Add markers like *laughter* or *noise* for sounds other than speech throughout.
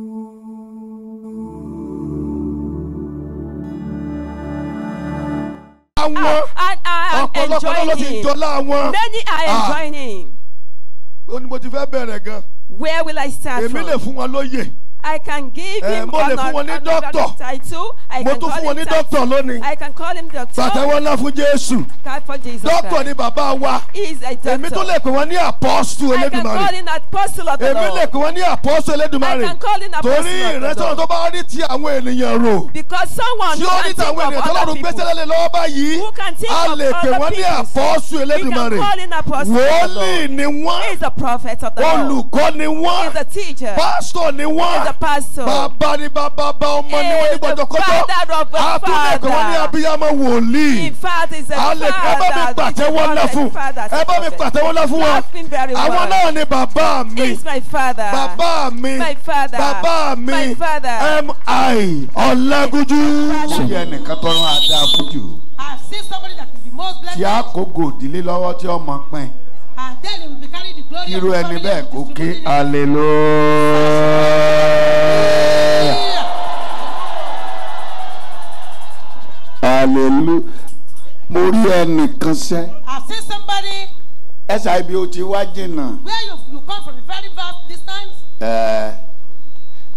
àwọn ah, ah, ah, ọ̀pọ̀lọpọ̀ ló ti dọ́là wọn. many are enjoying him. ó ní mo ti fẹ́ bẹ̀rẹ̀ gan. where will I start from? èmi lè fún wọn lóye. I can give uh, him honor another title. I can call him doctor lónìí. I can call him doctor. Pàtẹ́wọ́ ńlá fún Jésù. Clap for Jesus. Doctor ni bàbá wa. He is a doctor. Èmi tó lè pè wọ́n ní apọ́sù I can call him apostle of the Lord. Èmi lè pè wọ́n ní apọ́sù I can call him apostle of the Lord. Torí ìrẹsọ̀rọ̀ ti àwọn ènìyàn rò. Because someone who can think of other people. Tí ó rí ti àwọn ènìyàn tó Who can think of other people. A lè pè wọ́n ní We can call him apostle of the ni wọ́n. He is a prophet of the Lord. Olùkọ́ ni wọ́n. He is a teacher. Pásítọ̀ ni wọ́n bàbá ni bàbá bá ọmọ ni wọ́n ní gbọ́dọ̀kọ́dọ̀ àtúndẹ̀kọ̀ wọ́n ní abiyamọ wòlíì alẹ́ ẹ bá mi pàtẹ́wọ́ ńlá fún ẹ bá mi pàtẹ́wọ́ ńlá fún wọn àwọn náà ni bàbá mi bàbá mi bàbá mi mi ọ̀làgújú. ṣé ẹnìkan tọrọ àdá fújù tí a kó gòdìlé lọ́wọ́ tí ọmọ pín irú ẹni bẹ́ẹ̀ kò ké hallelujah. hallelujah mo rí ẹnìkan sẹ́. I see somebody. SIB o ti wá jìnnà. Where you you come from very far distance. Uh,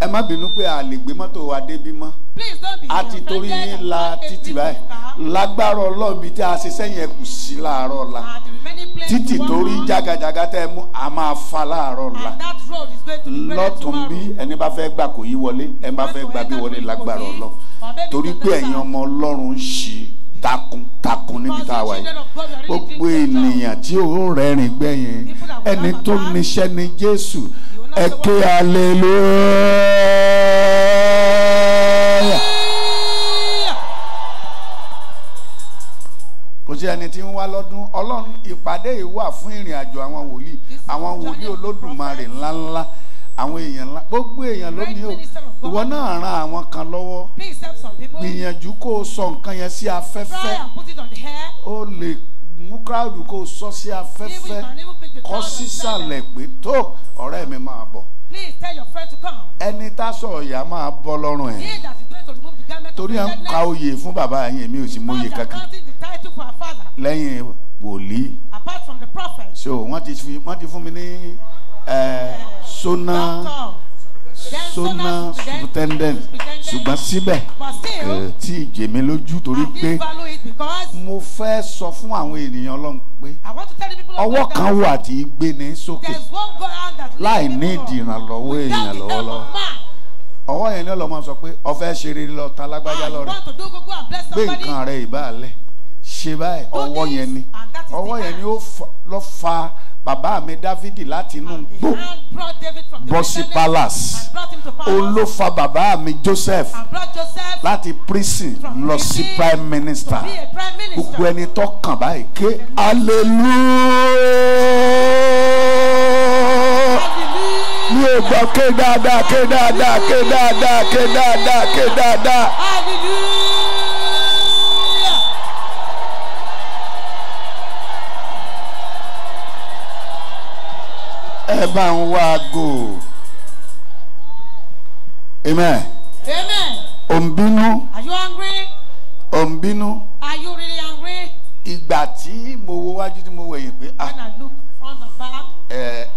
ẹ má bínú pé a lè gbé mọ́tò wa débi mọ́ a ti torí yín la títì báyìí lágbára ọlọ́run tí a ṣe sẹ́yìn ẹkù sí láàárọ̀ ọ̀la títì torí jágajàga tẹ́ ẹ mú a máa fa láàárọ̀ ọ̀la lọ́tún bí ẹni bá fẹ́ gbà kò yí wọlé ẹni bá fẹ́ gbà bí wọlé lágbára ọlọ́run torí pé ẹ̀yin ọmọ ọlọ́run ń ṣí takuntakun níbi tá a wà yìí gbogbo ènìyàn tí ó rẹ́rìn gbẹ̀yìn ẹni tó níṣẹ́ ni Jésù ẹ ké aleluya. kò sí ẹni tí ń wá lọ́dún ọlọ́run ìpàdé yìí wà fún ìrìn àjò àwọn wòlíì àwọn wòlíì olódùmarè ńláńlá àwọn èèyàn ńlá gbogbo èèyàn ló ní o ìwọ náà ran àwọn kan lọ́wọ́ gbìyànjú kó o sọ nǹkan yẹn sí afẹ́fẹ́ ó lè mú kíláàdù kó o sọ sí afẹ́fẹ́ kọ́ sísàlẹ̀ pé tó ọ̀rẹ́ mi máa bọ̀. please tell your friend to come. ẹni tá sọ ìyá máa bọ́ lọ́rùn ẹ̀. that is going to remove the garment of the dead man. torí à ń ka oyè fún bàbá yẹn mi ò sì mọ oyè kankan. the title for her father. lẹ́yìn wòlíì. apart from the prophet. so wọ́n ti fún mi ní sọ́nà. doctor sona superintendent ṣùgbọ́n síbẹ̀ tí ìjè mi lójú torí pé mo fẹ́ sọ fún àwọn ènìyàn ọlọ́run pé ọwọ́ kan wà tí í gbé ní sókè láì ní ìdìrànlọ́wọ́ èèyàn lọ́wọ́lọ́wọ́ ọwọ́ yẹn ni ọlọ́mọ sọ pé ọfẹ́ ṣeré lọ lágbájá lọ́rẹ̀ gbé nǹkan rẹ̀ ìbáàlẹ̀ ṣe báyìí ọwọ́ yẹn ni ọwọ́ yẹn ni ó lọ fa bàbá mi dávidi láti inú gbó bọ́ palace òun ló fa bàbá mi joseph láti prison lọ sí prime minister gbogbo ẹni tó kàn báyìí ké hallelujah mi ò gbọ́ ké dáadáa ké dáadáa ké dáadáa ké dáadáa ké dáadáa. ẹ ń wá aago amen. amen. ò ń bínú. are you angry? ò ń bínú. are you really angry? ìgbà tí mo wo wájú tí mo wo èyàn pé ah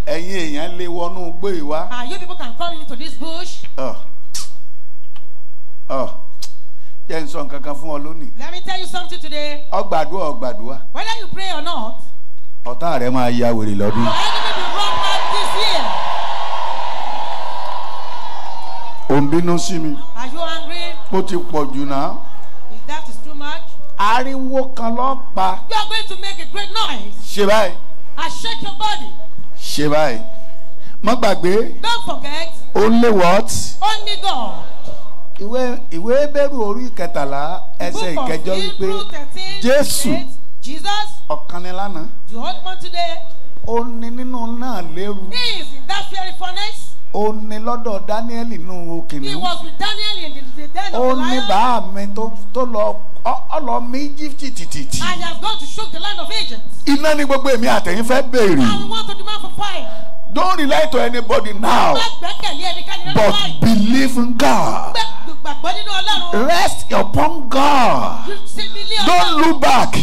ẹ̀yin èèyàn lè wọnú igbó yìí wá. ah you people can come into this bush. Uh, uh jẹ́ n sọ nǹkan kan fún ọ lónìí. let me tell you something today. ọgbàdúrà ọgbàdúrà. whether you pray or not ọ̀tá rẹ̀ máa ya wèrè lọ́dún. ò ń bínú sí mi. Are you angry? mo ti pọ̀ jù náà. If that is too much. ariwo kan ló pa. You are going to make a great noise. ṣe báyìí. And shake your body. ṣe báyìí. má gbàgbé. Don't forget. Only what? Only God ìwé ìwé bẹ́rù orí kẹtàlá ẹsẹ̀ ìkẹjọ wípé jésù Jesus. ọ̀kan ni lánàá. the holy man today. ó ní nínú náà lérú. he is in that fiery furnace ó ní lọ́dọ̀ Daniel nínú okìnrin. he was with Daniel in the, the den of the lion. ó ní bàá mi tó tó lọ ọ lọ mí Egypt tìtìtì. and he has gone to shook the land of Egypt. iná ni gbogbo èmi àtẹ̀yìn fẹ́ béèrè. and we want to demand for fire. Don't rely to anybody now. But believe in God. Rest upon God. Don't look back.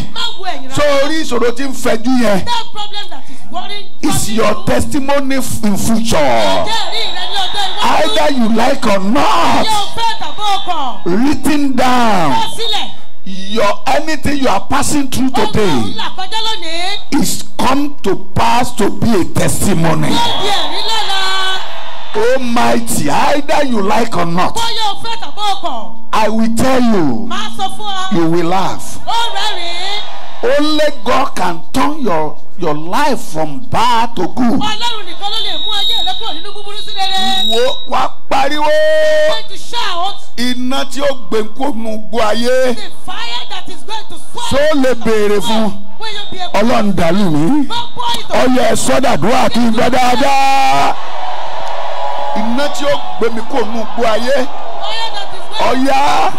So orí ìṣòro tí ń fẹjú yẹn. It's your testimony in future. Either you like or not. Written down your anything you are passing through today is come to pass to be a testimony. Almighty, either you like or not, I will tell you, you will laugh. Only God can turn your your life from bad to good. Ọlọ́run nìkan ló lè mú ayé rẹ kúrò nínú búburú sí rere. Wo wá pariwo. going to shout. Iná tí ó gbẹ̀ǹkó nu gbọ́ ayé. The fire that is going to swallow. Ṣé o lè béèrè fún? Ọlọ́run dàlú mi. Ọyọ ẹ̀sọ́ dàdúrà kí n gbọ́ dáadáa. Iná tí ó gbẹ̀mí kò gbọ́ ayé. Fire that Oya.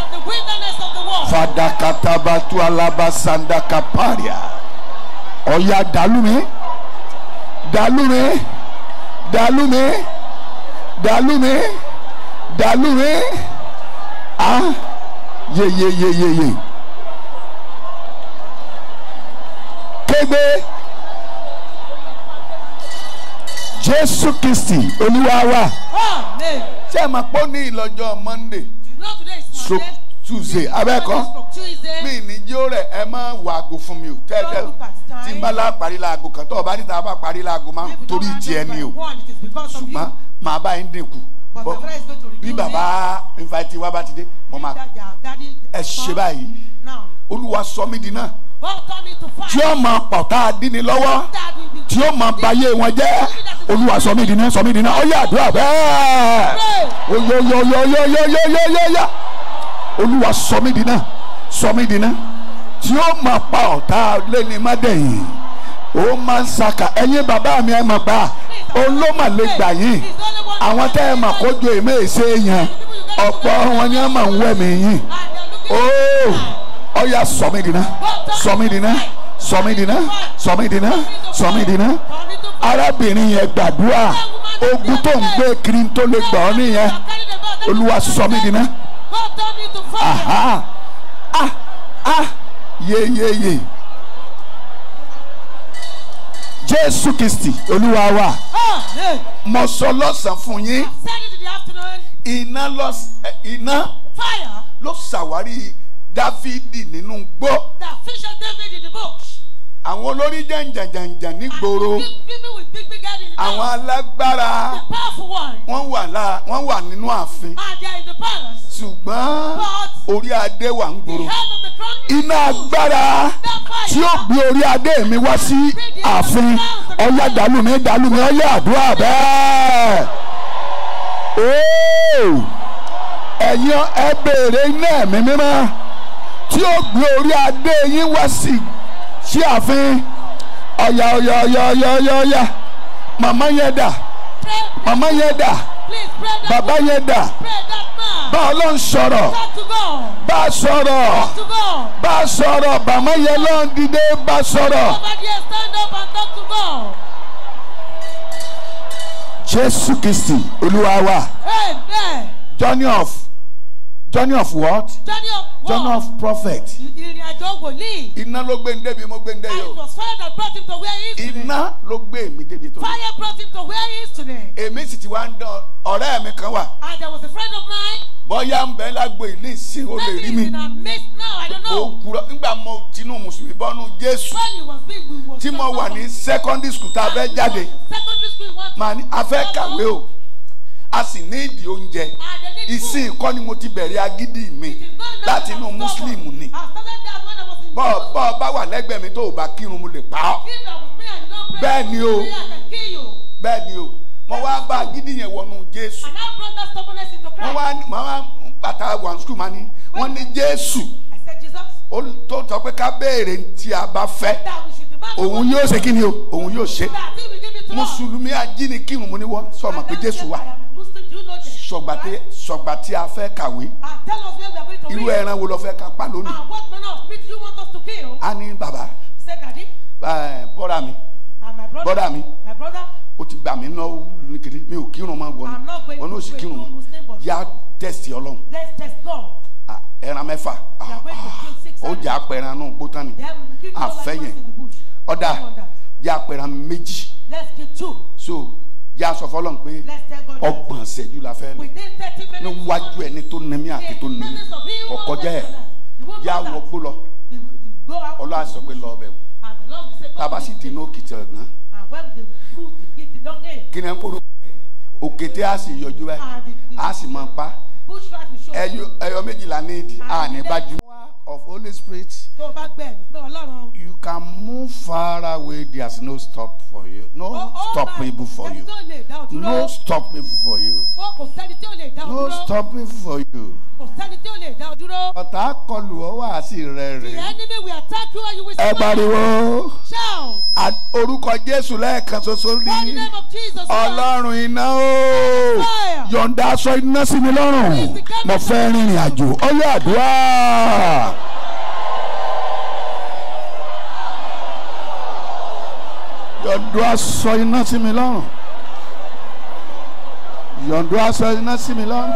fada the wilderness of the world. Oya dalume, dalume, dalume, dalume, dalume. Ah. Ye ye ye ye ye. Kebe. Jésù Kristi Olúwa wa. Ṣé ẹ máa pọ́ ní ìlọ́jọ́ Monday? tuesday abẹ́kọ́ mi ní jó rẹ̀ ẹ má wàgò fún mi o tẹ́tẹ́ tí n bá la parí laago kan tó o bá níta bá parí laago máa torí tiẹ̀ ni o ṣùgbọ́n màá bá yín dínkù bí bàbá invite wa bá ti dé mo máa ẹ ṣe báyìí olúwa sọ mí di náà tí ó máa pọ̀tá díni lọ́wọ́ tí ó máa bayé wọn jẹ́ olúwa sọ mí di náà sọ mí di náà ó yá àdúrà bẹ́ẹ̀ ó olúwa sọ mí dínà sọ mí dínà tí ó máa pa ọ̀tá lẹ́ni má dẹ̀yìn ó máa ń saka ẹ̀yin bàbá mi ẹ̀ máa gbà olómà lè gbà yín àwọn tẹ́ ẹ̀ máa kójú èmi èsè yẹn ọ̀pọ̀ wọn ni ẹ̀ máa ń wẹ̀ mí yín ooo ọ̀ya sọ mí dínà sọ mí dínà sọ mí dínà sọ mí dínà sọ dínà arábìnrin yẹn gbàdúrà ogun tó ń gbé kiri tó lè gbà ọ́ nìyẹn olúwa sọ dínà. God Aha. Ah, ah, yeah, yeah, yeah. Jésù Kristi Olúwa wa. Ah, Mo sọ lọ́sàn-án fún yín. Iná lọ iná ló ṣàwárí Dáfídì nínú gbó. The fish of David in the book àwọn olórí jàǹjàǹjàǹjàǹ nígboro àwọn alágbára wọ́n wà lá wọ́n wà nínú ààfin ṣùgbọ́n orí adé wà ń gbòòrò iná agbára tí ó gbé orí adé mi wá sí ààfin ọyá dàlúmi dàlúmi ọyá àdúrà bẹ́ẹ̀ ẹ̀yin ẹ béèrè iná ẹ̀mí mímọ́ tí ó gbé orí adé yín wá sí ààfin sí ààfin ọ̀yà ọ̀yà ọ̀yà ọ̀yà ọ̀yà ọ̀yà màmá yẹn dà màmá yẹn dà bàbá yẹn dà bá ọlọ́run sọ̀rọ̀ bá sọ̀rọ̀ bá sọ̀rọ̀ bàmá yẹn lọ́n dìde bá sọ̀rọ̀. Jésù Kristi Olúwa wa. Amen. Journey of journey of what? Journey of John of prophet. Ìrìn àjò wòlíì. Iná ló gbé ní mo gbé ní dé It was fire that brought him to where he is Iná ló gbé mi débi tó. Fire brought him to where he is today. Èmi sì ti wá ń dán ọ̀rẹ́ mi kan wà. And there was a friend of mine. Bọ́yá ń bẹ lágbo ìlú ìsìn o lè rí mi. Maybe in our midst now, I don't know. Òkúrọ̀ nígbà mo tinú Mùsùlùmí bọ́nú Jésù. When he was big, we were. Tí mo wà ní secondary school tá a fẹ́ jáde. Secondary school we went to. Màá ní a kàwé o a sì ní ìdí oúnjẹ ìsìn ìkọ́ ni mo ti bẹ̀rẹ̀ agídí mi láti inú mùsùlùmù ni bọ́ọ̀ bọ́ọ̀ bá wà lẹ́gbẹ̀ẹ́ mi tó o bá kírun mo lè pa ọ́ bẹ́ẹ̀ ni o bẹ́ẹ̀ ni o mo wá bá agídí yẹn wọnú Jésù mo wá mo wá pàtà one school ma ni wọ́n ní Jésù tó sọ pé ká béèrè tí a bá fẹ́ òun yóò ṣe kí ni o òun yóò ṣe mùsùlùmí ajínigírun mo ní wọ́n sọ ma pé jésù wà sọgbà tí sọgbà tí a fẹ́ kàwé ah, irú ẹran wo lọ fẹ́ ká pa lónìí ah, a ní bàbá ah, bọ́dà mi bọ́dà mi o ti gbà mí ná nìkiri mi ò kírun máa gbọ́ ni wọn ní òsì kírun mọ́ yá tẹ̀sí ọlọ́run ẹran mẹ́fà ó jà pẹ̀ran náà bótánì àfẹ́yẹn ọ̀dà yà pẹ̀rẹ̀ méjì. let's do two. so yà sọ fọlọ́n pé ọgbọ̀n ṣẹ́jú la fẹ́ lọ níwájú ẹni tó nami àti tó nami kọ̀kọ́jà ẹ̀ yà wọ gbó lọ ọlọ́wà sọ pé lọ́ọ́ bẹ̀ wò tàbá sì ti ní òkìtì ọ̀gán kí ni ẹ ń kó òkété sì yọjú báyìí á sì máa pa ẹyọ méjìlá ní ìdí àní bá jùmọ̀ of Holy Spirit, you can move far away There's no stop for you no oh, oh for you no stoppable for you oh, kò sẹ́ni no stoppable for you But I call you. lè dá ọ dúró. the enemy will attack you and you will survive. ẹ pariwo orúkọ Jésù lẹ́ẹ̀kan ṣoṣo ní Ọlọ́run ina o yọ̀ǹda aṣọ iná sí mi lọ́rùn mo fẹ́ rìnrìn àjò ọlọ́ àdúrà yọ̀ǹdó aṣọ iná sí mi lọ́rùn yọ̀ǹdó aṣọ iná sí mi lọ́rùn.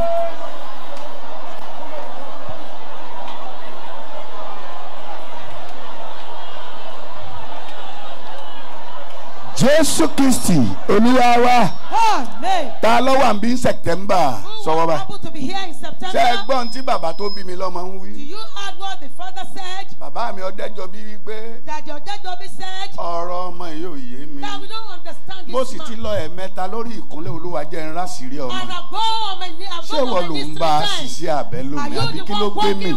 jésù kristi olúwa wa ta ló wà ń bí sẹ̀tẹ́mbà sọ́wọ́ bá ṣe é gbọ́n tí bàbá tó bí mi lọ́mọ ń wí. bàbá mi ọ̀dẹ́jọ́ bí wípé ọ̀rọ̀ ọmọ yìí ò yé mi mo sì ti lọ ẹ̀mẹ́ta lórí ìkúnlẹ̀ olúwa jẹ́ ń rásìrí ọmọ ṣé ìwọ ló ń bá ṣiṣẹ́ abẹ lómi àbí kí ló gbé mi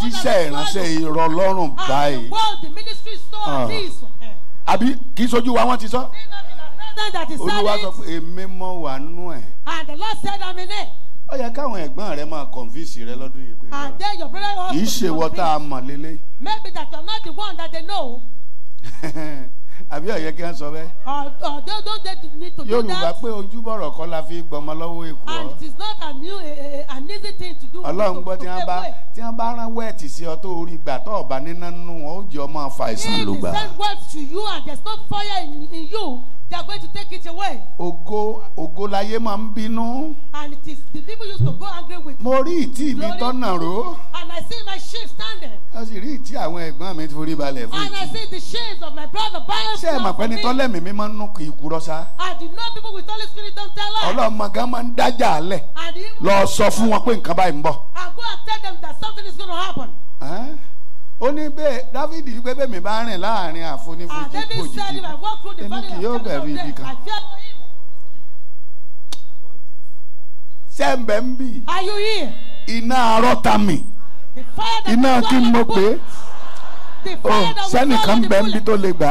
tíṣẹ́ ìránṣẹ́ ìrọ̀lọ́rùn báyìí àbí kì í sojú wa wọ́n ti sọ. olúwa sọ pé èmi mọ wà nú ẹ. and the lord said i'm in it. ó yẹ káwọn ẹ̀gbọ́n rẹ máa convince rẹ lọ́dún yìí pé kì í ṣe wọ́n tá a mọ̀ lélẹ́yìí. maybe that you're not the one that they know. *laughs* àbí ọ̀yẹ́ kí wọ́n sọ bẹ́ẹ̀. ọ̀dọ́ don't they need to do yorùbá pé ojúbọ̀rọ̀ kọ́ la fi gbọmọ lọ́wọ́ èkó. and it is not a new uh, eh, an easy thing to do. ọlọ́run gbọ́ tí wọ́n bá tí wọ́n bá rán wẹ́ẹ̀tì sí ọ tó orí gbà tó ọ̀bá níná nù wọ́n ọmọ àfàìsàn ló gbà. he send word to you and there is no fire in, in you. They are going to take it away. Ogo, ogo laye máa ń And it is the people used to go angry with. Mo rí ìtì mi tọ́nà ro. And I see my sheep standing. Mo sì rí ìtì àwọn ẹ̀gbọ́n mi forí balẹ̀ fún ìtì. And I see the sheep of my brother bowing down for me. Ṣé ẹ mọ̀ pé ní tọ́lẹ̀ mi mi máa ń nú kì í I do know people with holy spirit don't tell us. Ọlọ́mọ gan máa ń dájà lẹ̀. Lọ sọ fún wọn pé nǹkan báyìí ń bọ̀. I go and tell them that something is gonna happen. Huh? ó ní bẹ́ẹ̀ dáfídì wípé bẹ́ẹ̀ mi bá rìn láàrin àfonífojì ah, òjijì èmi kì yóò bẹ̀rù ibi kan. sẹ́ǹbẹ̀ ń bì iná arọ́ta mi iná kí n mọ̀ pé sẹ́nìkan ń bẹ ń oh, bí tó lè gbà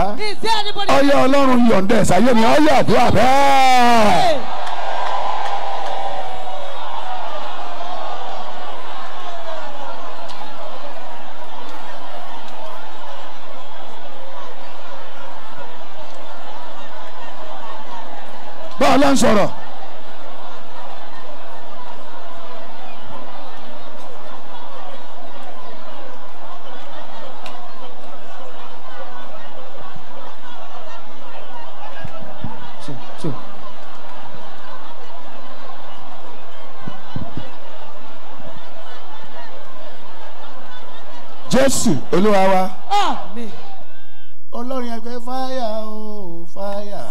á ọyọ́ ọlọ́run yọ̀ǹda ẹ̀sáyé mi ọyọ́ àdúrà bẹ́ẹ̀. ń sọ̀rọ̀. jésù olúwa wa. ọlọ́run ẹgbẹ́ fáyà o fáyà.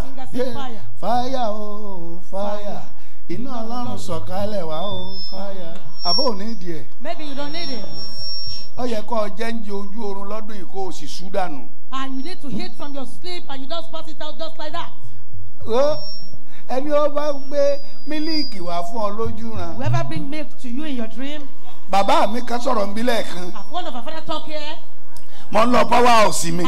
Faya oh faya, iná ọlọ́run sọ̀kalẹ̀ wá o oh, fáyà àbó ò ní e. ẹ̀. maybe you don't need it. ó yẹ kó o jẹ́ ń jẹ ojú oorun lọ́dún yìí kó o sì sú dànù. and you need to hit from your sleep and you just pass it out just like that. ó ẹni ó bá gbé mílíìkì wá fún ọ lójú ràn. whoever bring milk to you in your dream. bàbá mi kan sọ̀rọ̀ ń bí one of our father talk here. mo ń lọ power house mi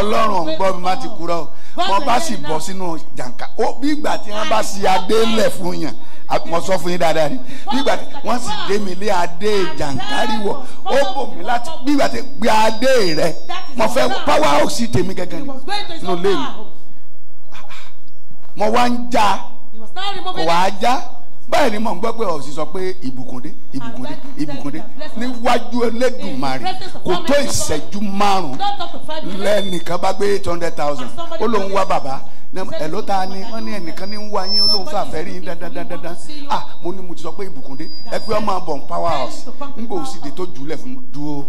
ọlọ́run ń gbọ́ mi má ti kúrò o mo bá sì bọ̀ sínú jàǹkà ó bí ìgbà tí wọ́n bá sì adé lẹ̀ fún yàn mo sọ fún yín dáadáa ni bí ìgbà tí wọ́n sì dé mi lé adé jàǹkárì wọ̀ ó bò mí láti bí ìgbà tí gbé adé rẹ mo fẹ́ power house tèmi gẹ́gẹ́ ni nínú ilé mi mo wá ń já kò wá já báyìí ni mò ń gbọ́ pé ọ̀sì sọ pé ìbùkúndé ìbùkúndé ìbùkúndé níwájú Elédùmarè kò tó ìṣẹ́jú márùn lẹ́nìkan bá gbé eight hundred thousand ó lóun wá bàbá ẹ̀ló ta ni wọ́n ní ẹnìkan ní ń wá yín olóhùn fún àfẹ́rí yín dandandandan ah mo ní mo ti sọ pé ìbùkúndé ẹ ọmọ bọ̀ ń power house ń gbòó sì dé tó jùlẹ̀ fún dúró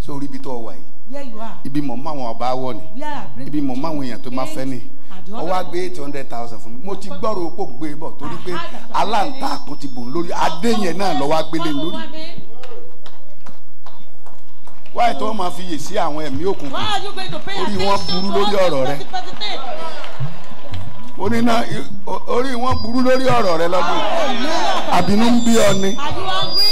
sórí ibi tó wà yìí ibi mọ̀ máwọn ọba ni ibi mọ̀ máwọn èèyàn tó máa fẹ́ ni ó wá gbé eight hundred thousand fún mi mo ti gbọ́rọ̀ òpó gbé bọ̀ torí pé aláǹtakùn ti bò ń lórí adé yẹn náà lọ́wọ́ agbélé lórí wáyé tó máa fi yè sí àwọn ẹ̀mí òkùnkùn orí wọn burú lórí ọ̀rọ̀ rẹ oníná orí wọn burú lórí ọ̀rọ̀ rẹ lọ́dún àbínú ń bí ọ ni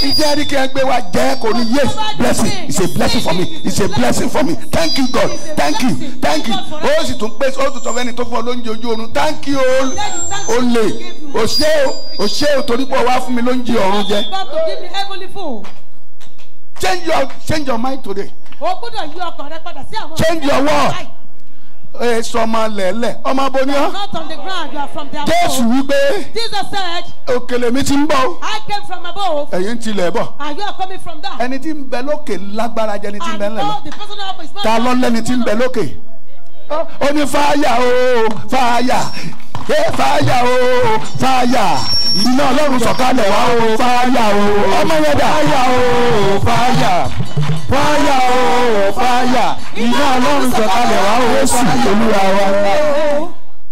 ìjẹ́ rí kí ẹ gbé wa jẹ́ kò ní yes blessing it's a blessing for me it's a blessing for me thank you God thank you thank you ó sì tún pèsè ó tún sọ fẹ́ni tó fọ́ lóúnjẹ ojú oorun thank you ó lè ó ṣé ó ṣé ó torí pé ó wá fún mi lóúnjẹ ọ̀run jẹ change your change your mind today. o gbọ́dọ̀ yí ọkàn rẹ padà sí àwọn. change your word èso ọmọ lẹ́lẹ̀ ọmọ bo ni ọ. Jésù wípé òkèlè mi ti ń bọ̀. ẹ̀yin ti lẹ̀ bọ̀. ẹni tí ń bẹ lókè lágbára jẹ́ ẹni tí ń bẹ lẹ̀ lọ. ta ló lẹ́ni tí ń bẹ lókè ó ní fáyà o fáyà ẹ fáyà o fáyà iná ọlọ́run sọ̀kalẹ̀ wá o fáyà o ọmọ yẹn dà fáyà o fáyà fáyà o fáyà iná ọlọ́run sọ̀kalẹ̀ wá o Jésù Olúwa wa.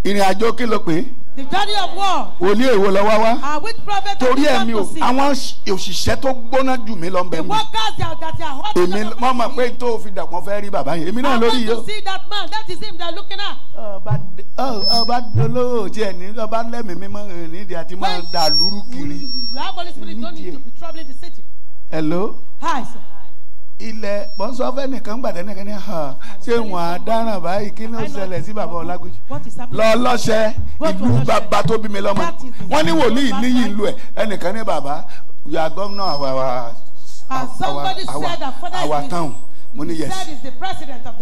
ìrìn àjò kí pé the daddy of war. wòlíì èwo lọ wá wá. and uh, which prophet do you want to see. torí ẹ̀mí o àwọn òṣìṣẹ́ tó gbóná jù mí lọ ń bẹ mí. the workers that that are hot. èmi wọ́n mọ̀ pé tó fi dàpọ̀ fẹ́ rí bàbá yẹn èmi náà lórí yìí o. I want to see that man that is him they are looking at. ọba olówó tí ẹ ní ọba lẹ́mìí mímọ́ nídìí àti máa dà lúrú kiri. the holy spirit don't need to be troubling the city. hello. hi sir ilẹ̀ bọ́nsọ́fẹ́ nìkan gbàdẹ́ nìkan ní hàn ṣé wọ́n á dáràn báyìí kí ni ó ṣẹlẹ̀ sí bàbá Ọlágúnjú lọ lọ́sẹ̀ ìlú bàbá tó bí mi lọ́mọ wọ́n ní wòlíì níyì ìlú ẹ̀ ẹnìkan ní bàbá yà gómìnà àwa àwa àwa àwa town mo ní yes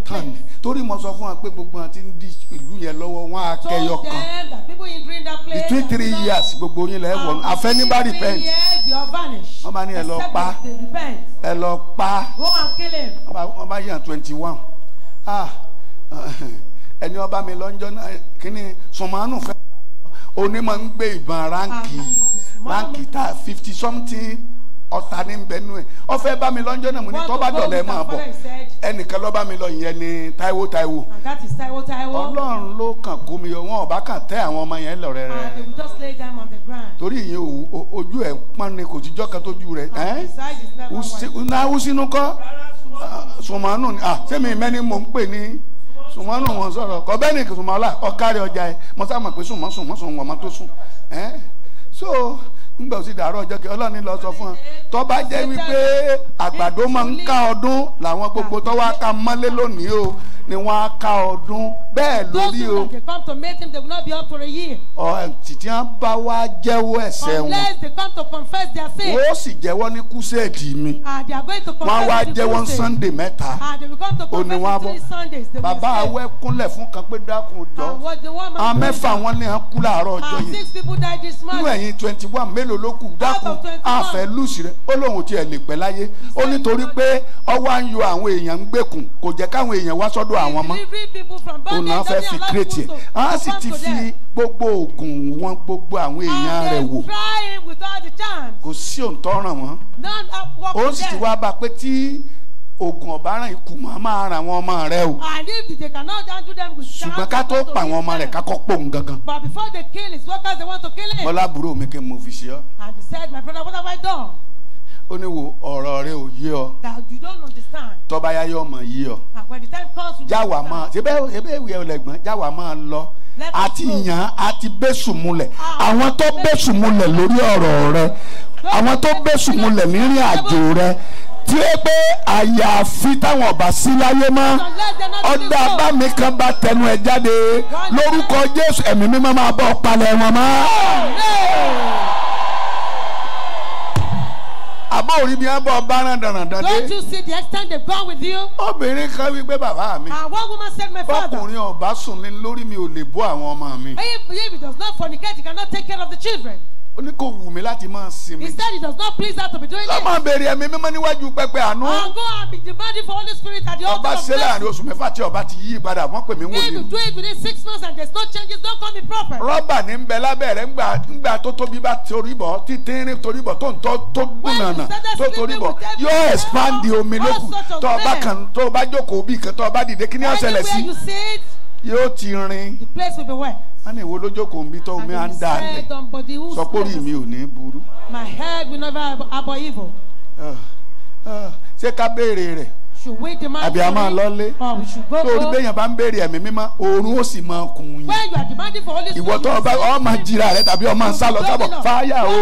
tán torí mo sọ fún wa pé gbogbo àti ní ìlú yẹn lọ́wọ́ wọn á kẹyọ kan between three years gbogbo yín lẹ́ wọ̀ àfẹ́níbá repent wọ́n bá ní ẹ lọ pa ẹ lọ pa wọ́n bá yàn twenty one ah *laughs* ẹni ọba mi lọ́njọ́ náà kíní sùnmọ́nù fẹ́ onímọ̀ ń gbé ìbọn ránkì ah, ránkì tá fifty something ọ̀tá ní bẹnu ẹ̀ ọ̀fẹ́ bá mi lọ́njọ́ náà mo ní tọ́ bá dọ̀lẹ́ máa bọ̀ ẹnìkan lọ́ bá mi lọ ìyẹn ni Táíwò Táíwò Ọlọ́run ló kàn kó mi yọ wọn ọ̀bá kàn tẹ́ àwọn ọmọ yẹn lọ́rẹ́ rẹ̀ torí ìyẹn ojú ẹ̀ pọ́n kò tíjọ́ kan tójú rẹ̀ náà húsínú kọ́ sùmọ́nù ni sẹ́mi mẹ́ni mò ń pè ní sùmọ́nù wọn sọ̀rọ̀ kọ́bẹ́nì sùmọ́lá ọ̀kárí ọjà ẹ̀ mọ́sá mọ̀ pé sùmọ́ sùmọ́ sùmọ́ tó sùn so ńgbà ó sì dàárọ̀ ọjọ́ kí ọlọ́run ní lọ sọ fún ọ tó bá jẹ́ wípé àgbàdo máa ń ká ọdún làwọn gbogbo tó wá ká mọ́lé lónìí o ni wọ́n á ká ọdún bẹ́ẹ̀ lórí o. títí wọn bá wá jẹ́wọ́ ẹ̀ṣẹ̀ wọn wọ́n ó sì jẹ́wọ́ ní kúṣẹ́ẹ̀dì mi ah, wọ́n wá jẹ́wọ́ sunday mẹ́ta ah, ó ní wọ́n á bọ́ bàbá awẹ́ kúnlẹ̀ fún kan pé dákun jọ ah, àwọn mẹ́fà wọn ní hàn kú láàárọ̀ ọjọ́ yìí nínú ẹ̀yìn twenty one mélòó mélòó ló kù dákun àfẹ́ lùsì rẹ ó lóun tiẹ̀ lè pẹ́ láyé ó nítorí pé ọwọ́ à ń yọ àwọn èèyàn ń gbèkùn kò jẹ́ káwọn èèyàn wá sọ́dọ̀ àwọn mọ́ òun náà fẹ́ fi kírètì ẹ̀ á sì ti fi gbogbo oògùn wọn gbogbo àwọn èèyàn rẹ̀ wò kò sí òǹtọ́ ràn wọ́n òun sì ti wá bá pé tí oògùn ọ̀báràn ikú máa máa ra àwọn ọmọ rẹ o. and if the they cannot handle them we ṣùgbọ́n ká tó pa àwọn ọmọ rẹ̀ ká kọ́ pòun gangan. but before they kill his workers they want to kill him. bọ́lá àbúrò mi kí n mú fi ṣe ọ́. and he said my brother what have I done. ó ní wo ọ̀rọ̀ rẹ ò yé ọ. that you don't understand. tọ́ba yá yọ ọmọ yé ọ. and when the time comes you don't understand. jáwa máa ṣe bẹ́ẹ̀ ṣe bẹ́ẹ̀ wíyà ọlẹ́gbọ̀n jáwa máa lọ àti yàn àti bẹ́sùmùlẹ̀ ah. àwọn tó bẹ́sùmùlẹ̀ lórí ọ̀rọ̀ rẹ àwọn tó bẹ́sùmùlẹ̀ nírìn àjò rẹ tí ó pé àyàfi táwọn ọba sí láyé mọ́ ọdọ abá mi kan bá tẹnu ẹ̀ jáde lórúkọ Jésù ẹ̀mí mímọ́ máa bọ́ palẹ̀ wọn mọ́. àbọ̀ orí mi á bọ̀ báràn dànàdàdé. don't you see the extent they gone with you. obìnrin kan wí pé bàbá mi. and woman said my father. ọkùnrin ọba sùn lórí mi ò lè bọ́ àwọn ọmọ mi. if if does not fornicate he cannot take care of the children ó ní kò wù mí láti máa sinmi. he said it does not please her to be doing this. lọ́mọ béèrè ẹ̀mí mímọ́ níwájú pẹpẹ àánú. and go and be demanding for holy spirit at the altar of mercy. ọba ṣe láàrin oṣù mẹ́fà tí ọba ti yí padà wọ́n pè mí wò ní. if you do it within six months and there is no changes don't call me proper. rọ́bà ní ń bẹ lábẹ́rẹ́ ńgbà ńgbà tó tóbi bá torí bọ̀ tí tẹ́rín torí bọ̀ tó ń tọ́ tó gbùnànà tó torí bọ̀ yóò expand di omi lókù tó ọba kan tó ọba jókòó bí kan tó ọba dìde kí ni ó ṣẹlẹ̀ a ní ìwo lójókòó nbí tó mi à ń dalẹ̀ sọ pé orí mi ò ní burú. my head will never abọ evil. Ah, ah, ṣé ká béèrè rẹ̀ àbíàmà lọ́lé lórí bẹ́yàn bá ń béèrè ẹ̀mí mímọ́ oorun ó sì máa kùn yín ìwọ tó ọba ọmọ jìra rẹ tàbí ọmọ nsá lọ sábọ̀ fáyà o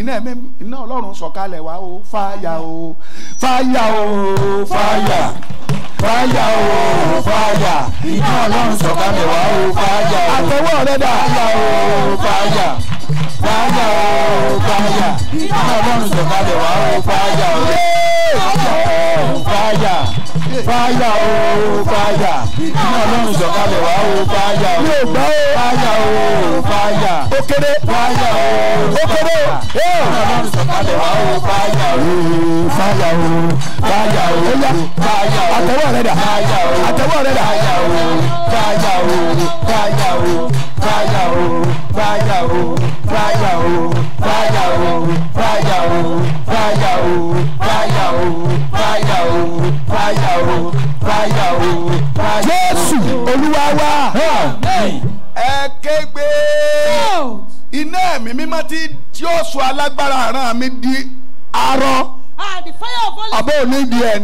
iná ẹ̀mí iná ọlọ́run sọ̀kalẹ̀ wá o fáyà o fáyà o fáyà fáyà o fáyà iná ọlọ́run sọ̀kalẹ̀ wá o fáyà o àtẹwọ́ rẹ dà fáyà o fáyà fáyà o fáyà iná ọlọ́run sọ̀kalẹ̀ wá o fáyà o fàyà fàyà o fàyà iná ọlọ́run sọ̀kalẹ̀ wá o fàyà o fàyà o fàyà ó kéré fàyà o oh, ó kéré iná ọlọ́run sọ̀kalẹ̀ wá o oh, fàyà o oh. fàyà o fàyà o fàyà o àtẹwọ́ rẹ̀ dà fàyà o àtẹwọ́ rẹ̀ dà fàyà o fàyà o fàyà o fàyà o fire o fire o fire o fire o fire o fire o fire o fire o fire o fire o. Jésù ah, Fire! wa. Fire! kégbe Fire! ẹ̀mí Fire! tí Fire! sọ Fire! àrán Fire! di Fire! àbọ̀ Fire! di Fire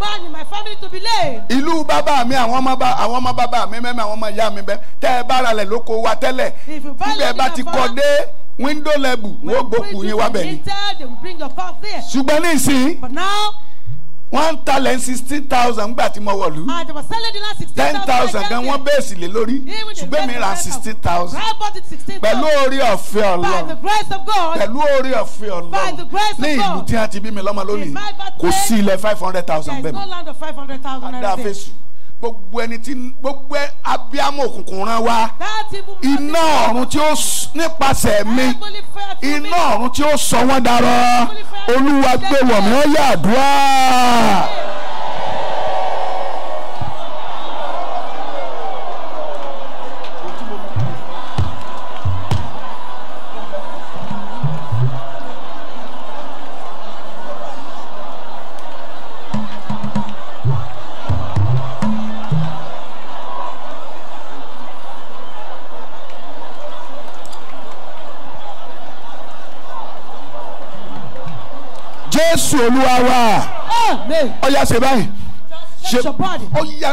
born in my family to be lame. ìlú bàbá mi àwọn ọmọ bá àwọn ọmọ bàbá mi mẹ́mẹ́ àwọn ọmọ ìyá mi bẹ́ tẹ́ ẹ bá ra lẹ̀ lóko wa tẹ́lẹ̀ ibẹ̀ bá ti kọ́ dé window level wọ́n gbókùn yín wá bẹ̀ ni. ṣùgbọ́n ní ìsìn. but now. One talent, sixteen thousand nígbà tí mo wọ̀lú ah, ten thousand gan wọ́n bẹ́ẹ̀sì lé lórí ṣùgbọ́n mi ra sixteen thousand pẹ̀lú orí ọ̀fẹ́ ọlọ́run pẹ̀lú orí ọ̀fẹ́ ọlọ́run ní ìlú tí a ti bí mi lọ́mọ lónìí kò sí ilẹ̀ five hundred thousand bẹ́ẹ̀ mi adá fèsù gbogbo ẹni tí gbogbo abiyamọ òkùnkùn rán wa iná ọ̀run tí ó nípasẹ̀ mi iná ọ̀run tí ó sọ wọ́n darọ̀ olúwa gbé wọ̀ mí ó jésù olúwa wa ó yá ṣe báyìí ṣe ó yá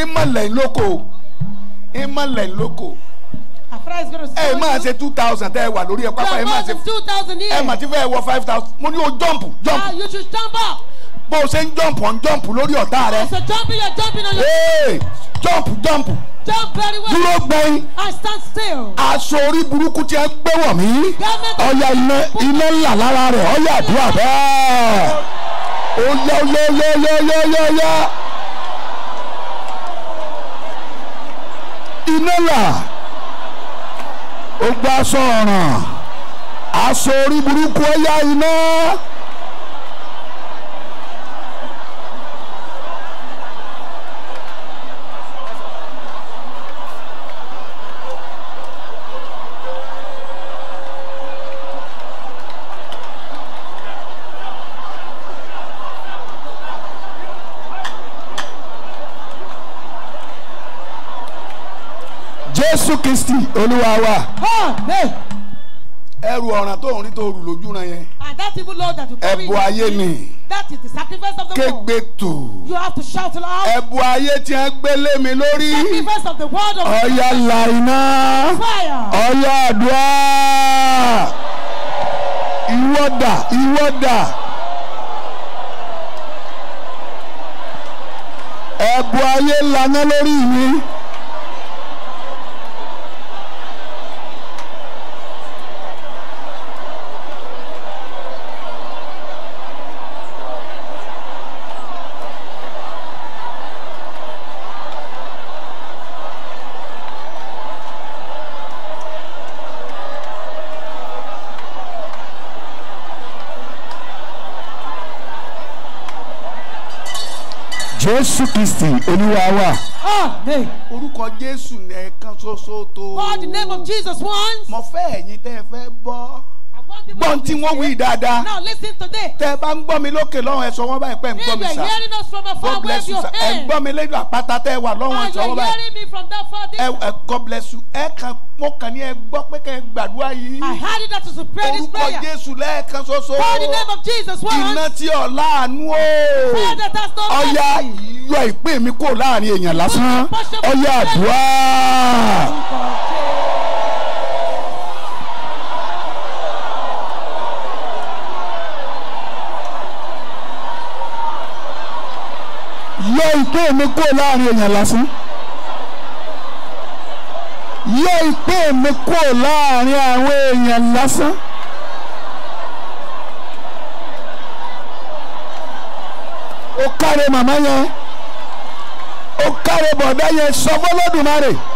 ìmọ̀lẹ̀ lóko ìmọ̀lẹ̀ lóko ẹ máa ṣe two thousand tẹ ẹ wà lórí ẹ pápá ẹ máa ṣe ẹ máa ti fẹ́ wọ five thousand mo ní o jump jump bó o ṣe ń jump on jump lórí ọ̀tá rẹ. so jumping you're jumping on your. Hey, jump jump. jump very well. dúró gbẹ́yìn. I stand still. aṣọ orí burúkú tí ẹ gbé wọ̀ mí. ọ̀yà iná iná ńlá lára rẹ̀ ọ̀yà àdúrà bẹ́ẹ̀. ó yá ó yá yá yá yá yá yá. iná là ó gbọ́ aṣọ ọ̀ràn aṣọ orí burúkú ọ̀yà iná. jésù kristi olúwa wa. ẹrù ọ̀ràn tó ń rí tó rù lójú náà yẹn. and that even Lord that you carry. ẹ̀bùn ayé ni. that is the sacrifice of the world. kégbe tù. you have to shout loud. ẹ̀bùn ayé tí wọ́n gbé lé mi lórí. sacrifice of the world of God. ọ̀yà la iná. fire. ọ̀yà àdúrà. ìwọ́dà ìwọ́dà. ẹ̀bùn ayé laná lórí mi. jésù kristi olúwa wa. orúkọ jésù nìkan ṣoṣo tó. call the name of Jesus once. mo fẹ́ ẹ̀yin tẹ́ ẹ fẹ́ bọ́ gbọ́n tí wọ́n wí dáadáa. tẹ bá ń gbọ́ mi lókè lọ́wọ́ ẹ sọ wọ́n báyìí pé ń gbọ́ mi sá. God bless you sir. ẹ ń gbọ́ mi lẹ́nu àpáta tẹ́ wà lọ́wọ́ ẹ sọ wọ́n báyìí. ẹ God bless you. ẹ kan mo kàn ní ẹ gbọ́ pé kẹ́ ẹ gbàdúrà yìí. I had it that to pray this prayer. orúkọ Jésù lẹ́ẹ̀kan ṣoṣo. For the name of Jesus once. iná tí ọ̀ láàánú o. Father yọ ìpè mi kò láàrin èèyàn lásán. ọ̀ya àdúrà. ìpè mi kúrò láàrin èèyàn lásán yọ ìpè mi kúrò láàrin àwọn èèyàn lásán. ó káre màmá yẹn ó káre bọ̀dá yẹn sọ fọlọ́dúnmáre. So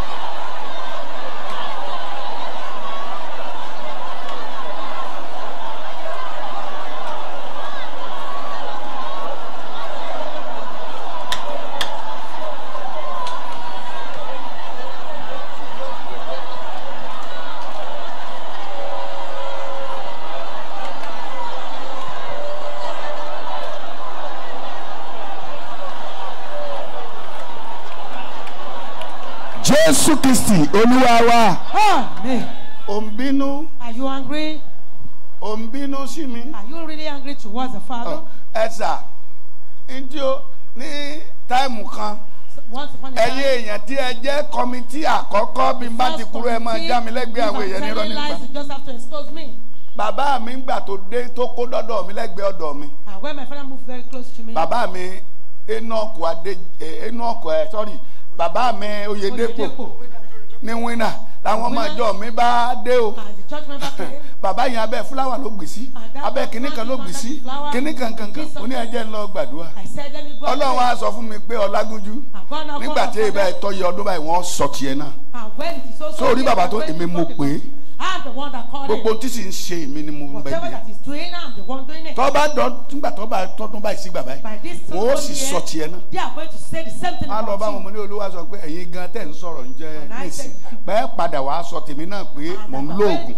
Jésù Kristi Olúwa wa. Ò ń bínú. Are you angry? Ò ń bínú sí mi. Are you really angry towards the father? Oh, ẹ sà, njó ní táìmù kan ẹ̀yin èèyàn tí ẹ jẹ́ kọ́mítì àkọ́kọ́ bí n bá ti kúrò ẹ máa já mi lẹ́gbẹ̀ẹ́ àwọn èèyàn nírọ́ nípa bàbá mi ń gbà tó dé tó kó dọ́dọ̀ mi lẹ́gbẹ̀ẹ́ ọ̀dọ̀ mi. when my father moved very close to me. bàbá mi enú ọkọ̀ adé enú ọkọ̀ ẹ sọ́rí bàbá mi Oyèdèpọ̀ ní wínà làwọn ọmọ ìjọ mi bá dé o ah, *laughs* bàbá yẹn abẹ́ fúláwà ló gbè sí ah, abẹ́ kínní kan ló gbè sí kínní kan kankan oní ẹjẹ́ ńlọ gbàdúrà ọlọ́run á sọ fún mi pé ọlágúnjú ah, nígbà tí èyí bá ọdún báyìí wọ́n sọ tiẹ̀ náà sórí bàbá tó èmi mo pè é. I'm the one that called it. Gbogbo tí sì ń ṣe èmi ni mo ń bẹ yẹn. Tọ́ bá dán nígbà tọ́ bá tọ́dún báyìí sí bàbá yìí. Wọ́n ó sì sọ tiẹ̀ náà. A lọ bá wọn mo ní olúwa sọ pé ẹ̀yin gan tẹ̀ ń sọ̀rọ̀ ń jẹ́ nísìn. Bẹ́ẹ̀ padà wàá sọ tèmi náà pé mò ń lóògùn.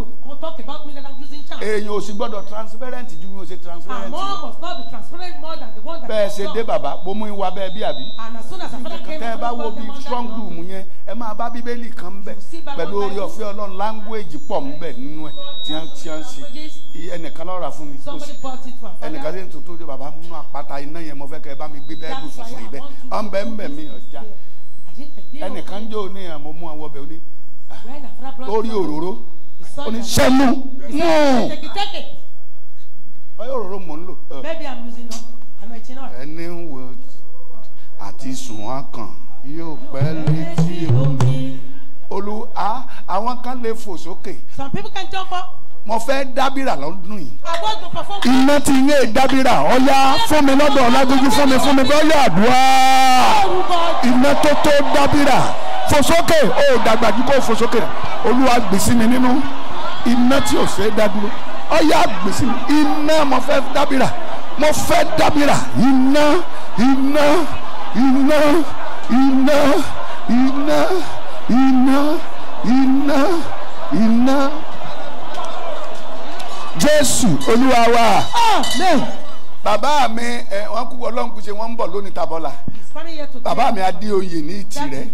Èèyàn ò sì gbọ́dọ̀ transparent ju mi ò ṣe transparent. Bẹ́ẹ̀ ṣe dé bàbá, mo mú ìwà bẹ́ẹ̀ bí àbí. Tẹ́ ẹ bá wo bí strong room yẹn, ẹ máa bá bíbélì kan bẹ̀ pẹ̀lú orí ọ̀fẹ́ ọlọ́run language pọ̀ ńbẹ̀ nínú ẹ̀ tí wọ́n ti ń ṣe ẹnìkan lọ́ọ́ rà fún mi ẹnìkan lè tuntun dé bàbá nínú àpáta iná yẹn mo fẹ́ kẹ́ ẹ bá mi gbé bẹ́ẹ̀ dùn fùfù ibẹ̀ ọ̀nbẹ̀ ńbẹ̀ mi ọjà ẹnìkan jẹ́ òní àmọ́ mú àwọn ọbẹ̀ òní orí òróró oníṣẹ́mu mú ọyọ òróró mò ń lò. ẹni wo àti sùn á kàn yóò pẹ́ létí omi olúwa àwọn kan lè fò sókè. some people can jump up. mo fẹ́ dábìrà lọ́dún yìí. iná ti ilé dábìrà ọ̀yá fún mi lọ́dọ̀ ọ̀làdójú fún mi fún mi bẹ́ẹ̀ yà dùá. iná tó tó dábìrà fò sókè ó dàgbà jù kó fò sókè olúwa gbèsè mi nínú iná tí ò fẹ́ dá dúró ọ̀yá gbèsè mi iná mo fẹ́ dábìrà mo fẹ́ dábìrà iná iná iná iná iná iná iná iná jésù olúwa wa. amen. Ah, bàbá mi ẹ wọn kú ọlọ́run kú ṣe wọ́n ń bọ̀ lónìí tabọ́là bàbá mi adéoyè ní tirẹ̀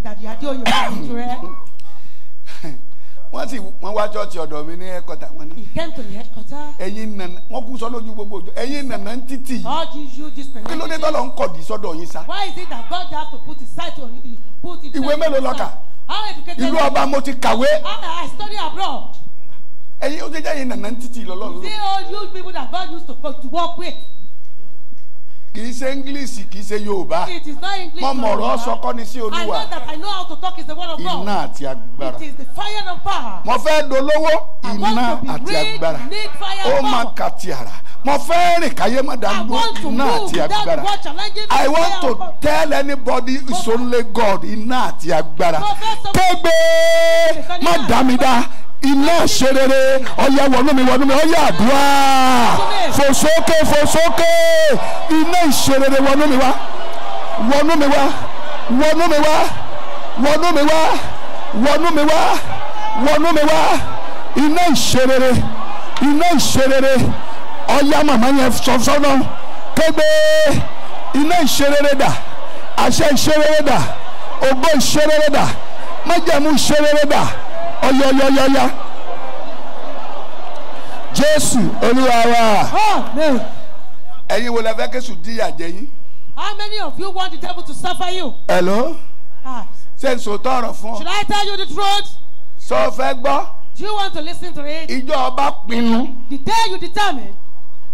*laughs* wọ́n sì wọ́n wá ṣọ́ọ̀ṣì ọ̀dọ̀ mi ní ẹ̀kọ́ta wọn ni. he came to the headquarter. ẹ̀yin nana wọ́n kú sọ lójú gbogbo òjò ẹ̀yin nana ń títì. all you use this penalty. kí ló dé tọ́lọ̀ ń kọ̀dí sọ́dọ̀ yín sa. why is it that God has to put his sight on you put his sight on you. ìwé mélòó lọ́kà ìlú ọba mo ti kàwé. I study abroad. ẹ̀yin ó ti jẹ́ ẹ̀yin nana ń títì lọ́lọ́run. see all you people that God used to, to work with kì í ṣe english kì í ṣe yorùbá it is not english mo mọ̀rọ̀ ni sí olúwa i know that i know how to talk is the word of God iná àti agbára it is the fire of power mo fẹ́ dolówó iná àti agbára ó máa kàtì àrà mo fẹ́ rìn káyé má dàgbò iná àti agbára i want to tell anybody it's only God iná àti agbára tẹ́gbẹ́ má dá mi iná ṣe rere ọyá wọnú mi wọnú mi ọyá àdúrà fòsókè fòsókè iná ìṣe rere wọnú mi wá wọnú wa, wá wọnú mi wá wọnú wa, wá wọnú mi wá wọnú mi wá iná ìṣe rere iná ìṣe rere ọyá màmá yẹn sọsọ́nà kébé iná ìṣe dà àṣẹ ìṣe dà ògbó ìṣe dà májẹ̀mú ìṣe dà ọyọyọyọyọ jésù olúwa wa ẹ̀yin wo la fẹ́ késù díyà jẹ yín. how many of you want the devil to suffer you. hello ah. ṣé n sòótọ́ ọ̀rọ̀ fún ọ. should I tell you the truth. sọ fẹ́ gbọ́. do you want to listen to it. ìjọ ọba pinnu. the day you determine.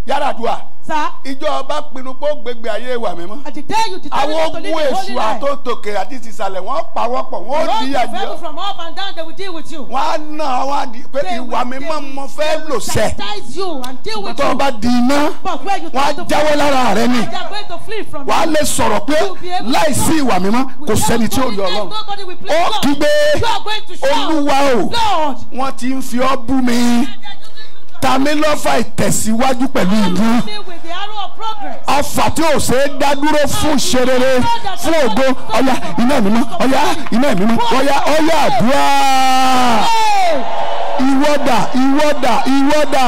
yàrá àdúrà sá. ìjọ ọba pinnu pé ó gbégbé ayé wà mímọ́. at the day you determine to live a holy life. àwọn ogun èṣù àtòtòkè àti ìsìsàlẹ̀ wọ́n pawọ́pọ̀ wọ́n ó di àjọ. road from up and down they will deal with you. wọ́n á nà wọ́n á di pé ìwà mímọ́ mo fẹ́ lò sẹ́. they will chastise you and deal with you. tó di iná wọ́n á jáwọ́ lára rẹ ni. wọ́n á lè sọ̀rọ̀ pé láìsí ìwà mímọ́ kò sẹ́ni tí ó yọ lọ. ó kígbe olúwa o wọ́n ti ń fi ọ́ bú mi ta mí lọ́fà ìtẹ̀síwájú pẹ̀lú ìbú ọfà tí ò ṣe é dá dúró fún ṣerere fún ògo ọ̀yà iná mímọ́ ọ̀yà iná mímọ́ ọ̀yà ọ̀yà àdúrà ìwọ́dà ìwọ́dà ìwọ́dà.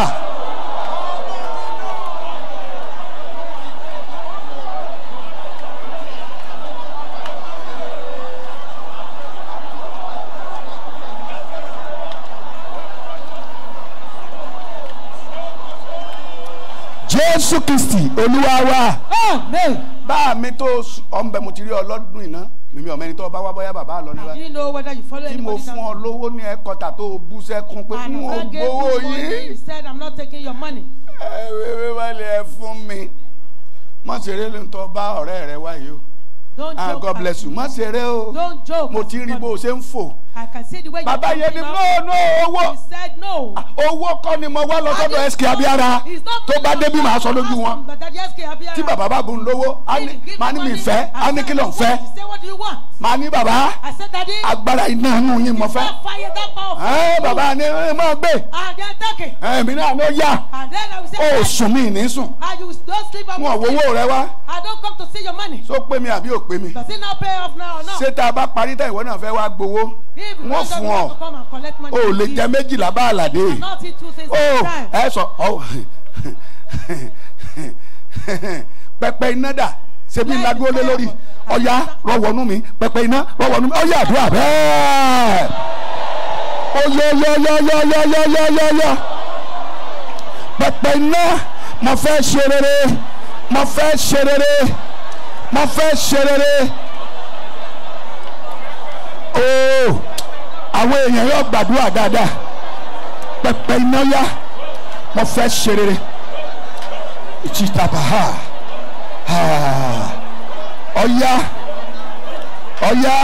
jésù kristi olúwa wa. bá mi tó ọ̀nbẹ mo ti rí ọlọ́dún iná mímí ọmọ ẹni tó bá wá bóyá bàbá lọ níbà tí mo fún ọ lówó ní ẹ̀kọ́ta tó bú sẹ́kún pé mo gbowó yín ẹ wéwé wálé ẹ fún mi mọ̀ ṣeré ló ń tọ́ bá ọ̀rẹ́ rẹ wáyé o ah God mo ti rí bó o ṣe ń fò bàbá yẹn ni no no owó owó kọ́ ni mo wá lọ sọ́dọ̀ SK Abiara tó bá débi màá sọ lójú wọn tí bàbá bá bùn lówó màá ní mi fẹ́ á ní kí ló ń fẹ́ màá ní bàbá agbára iná nù yín mo fẹ́ ẹ bàbá ni ẹ máa gbé ẹ̀mí náà ló yá ó sùn mí ní sùn wọn òwòwò rẹ wá so pé mi àbí ò pé mi ṣé tá a bá parí tá ìwọ náà fẹ́ wá gbowó wọ́n fún ọ o ò lè jẹ méjìlá bá àlàdé o ẹ sọ ọ *laughs* pẹpẹ iná dà ṣebí ńlá dúró lé lórí ọ̀yá rọwọ́nú mi pẹpẹ iná rọwọ́nú mi ọ̀yá àdúrà bẹ́ẹ̀ oyeyeyeyeyeyeyeyeye pẹpẹ iná mo fẹ́ ṣe rere mo fẹ́ ṣe rere mo fẹ́ ṣe rere ooo àwọn èèyàn yóò gbàdúrà dáadáa pẹpẹ iná yá mo fẹ́ ṣe rere ìtìtàbà ha ha ọ̀yá ọ̀yá.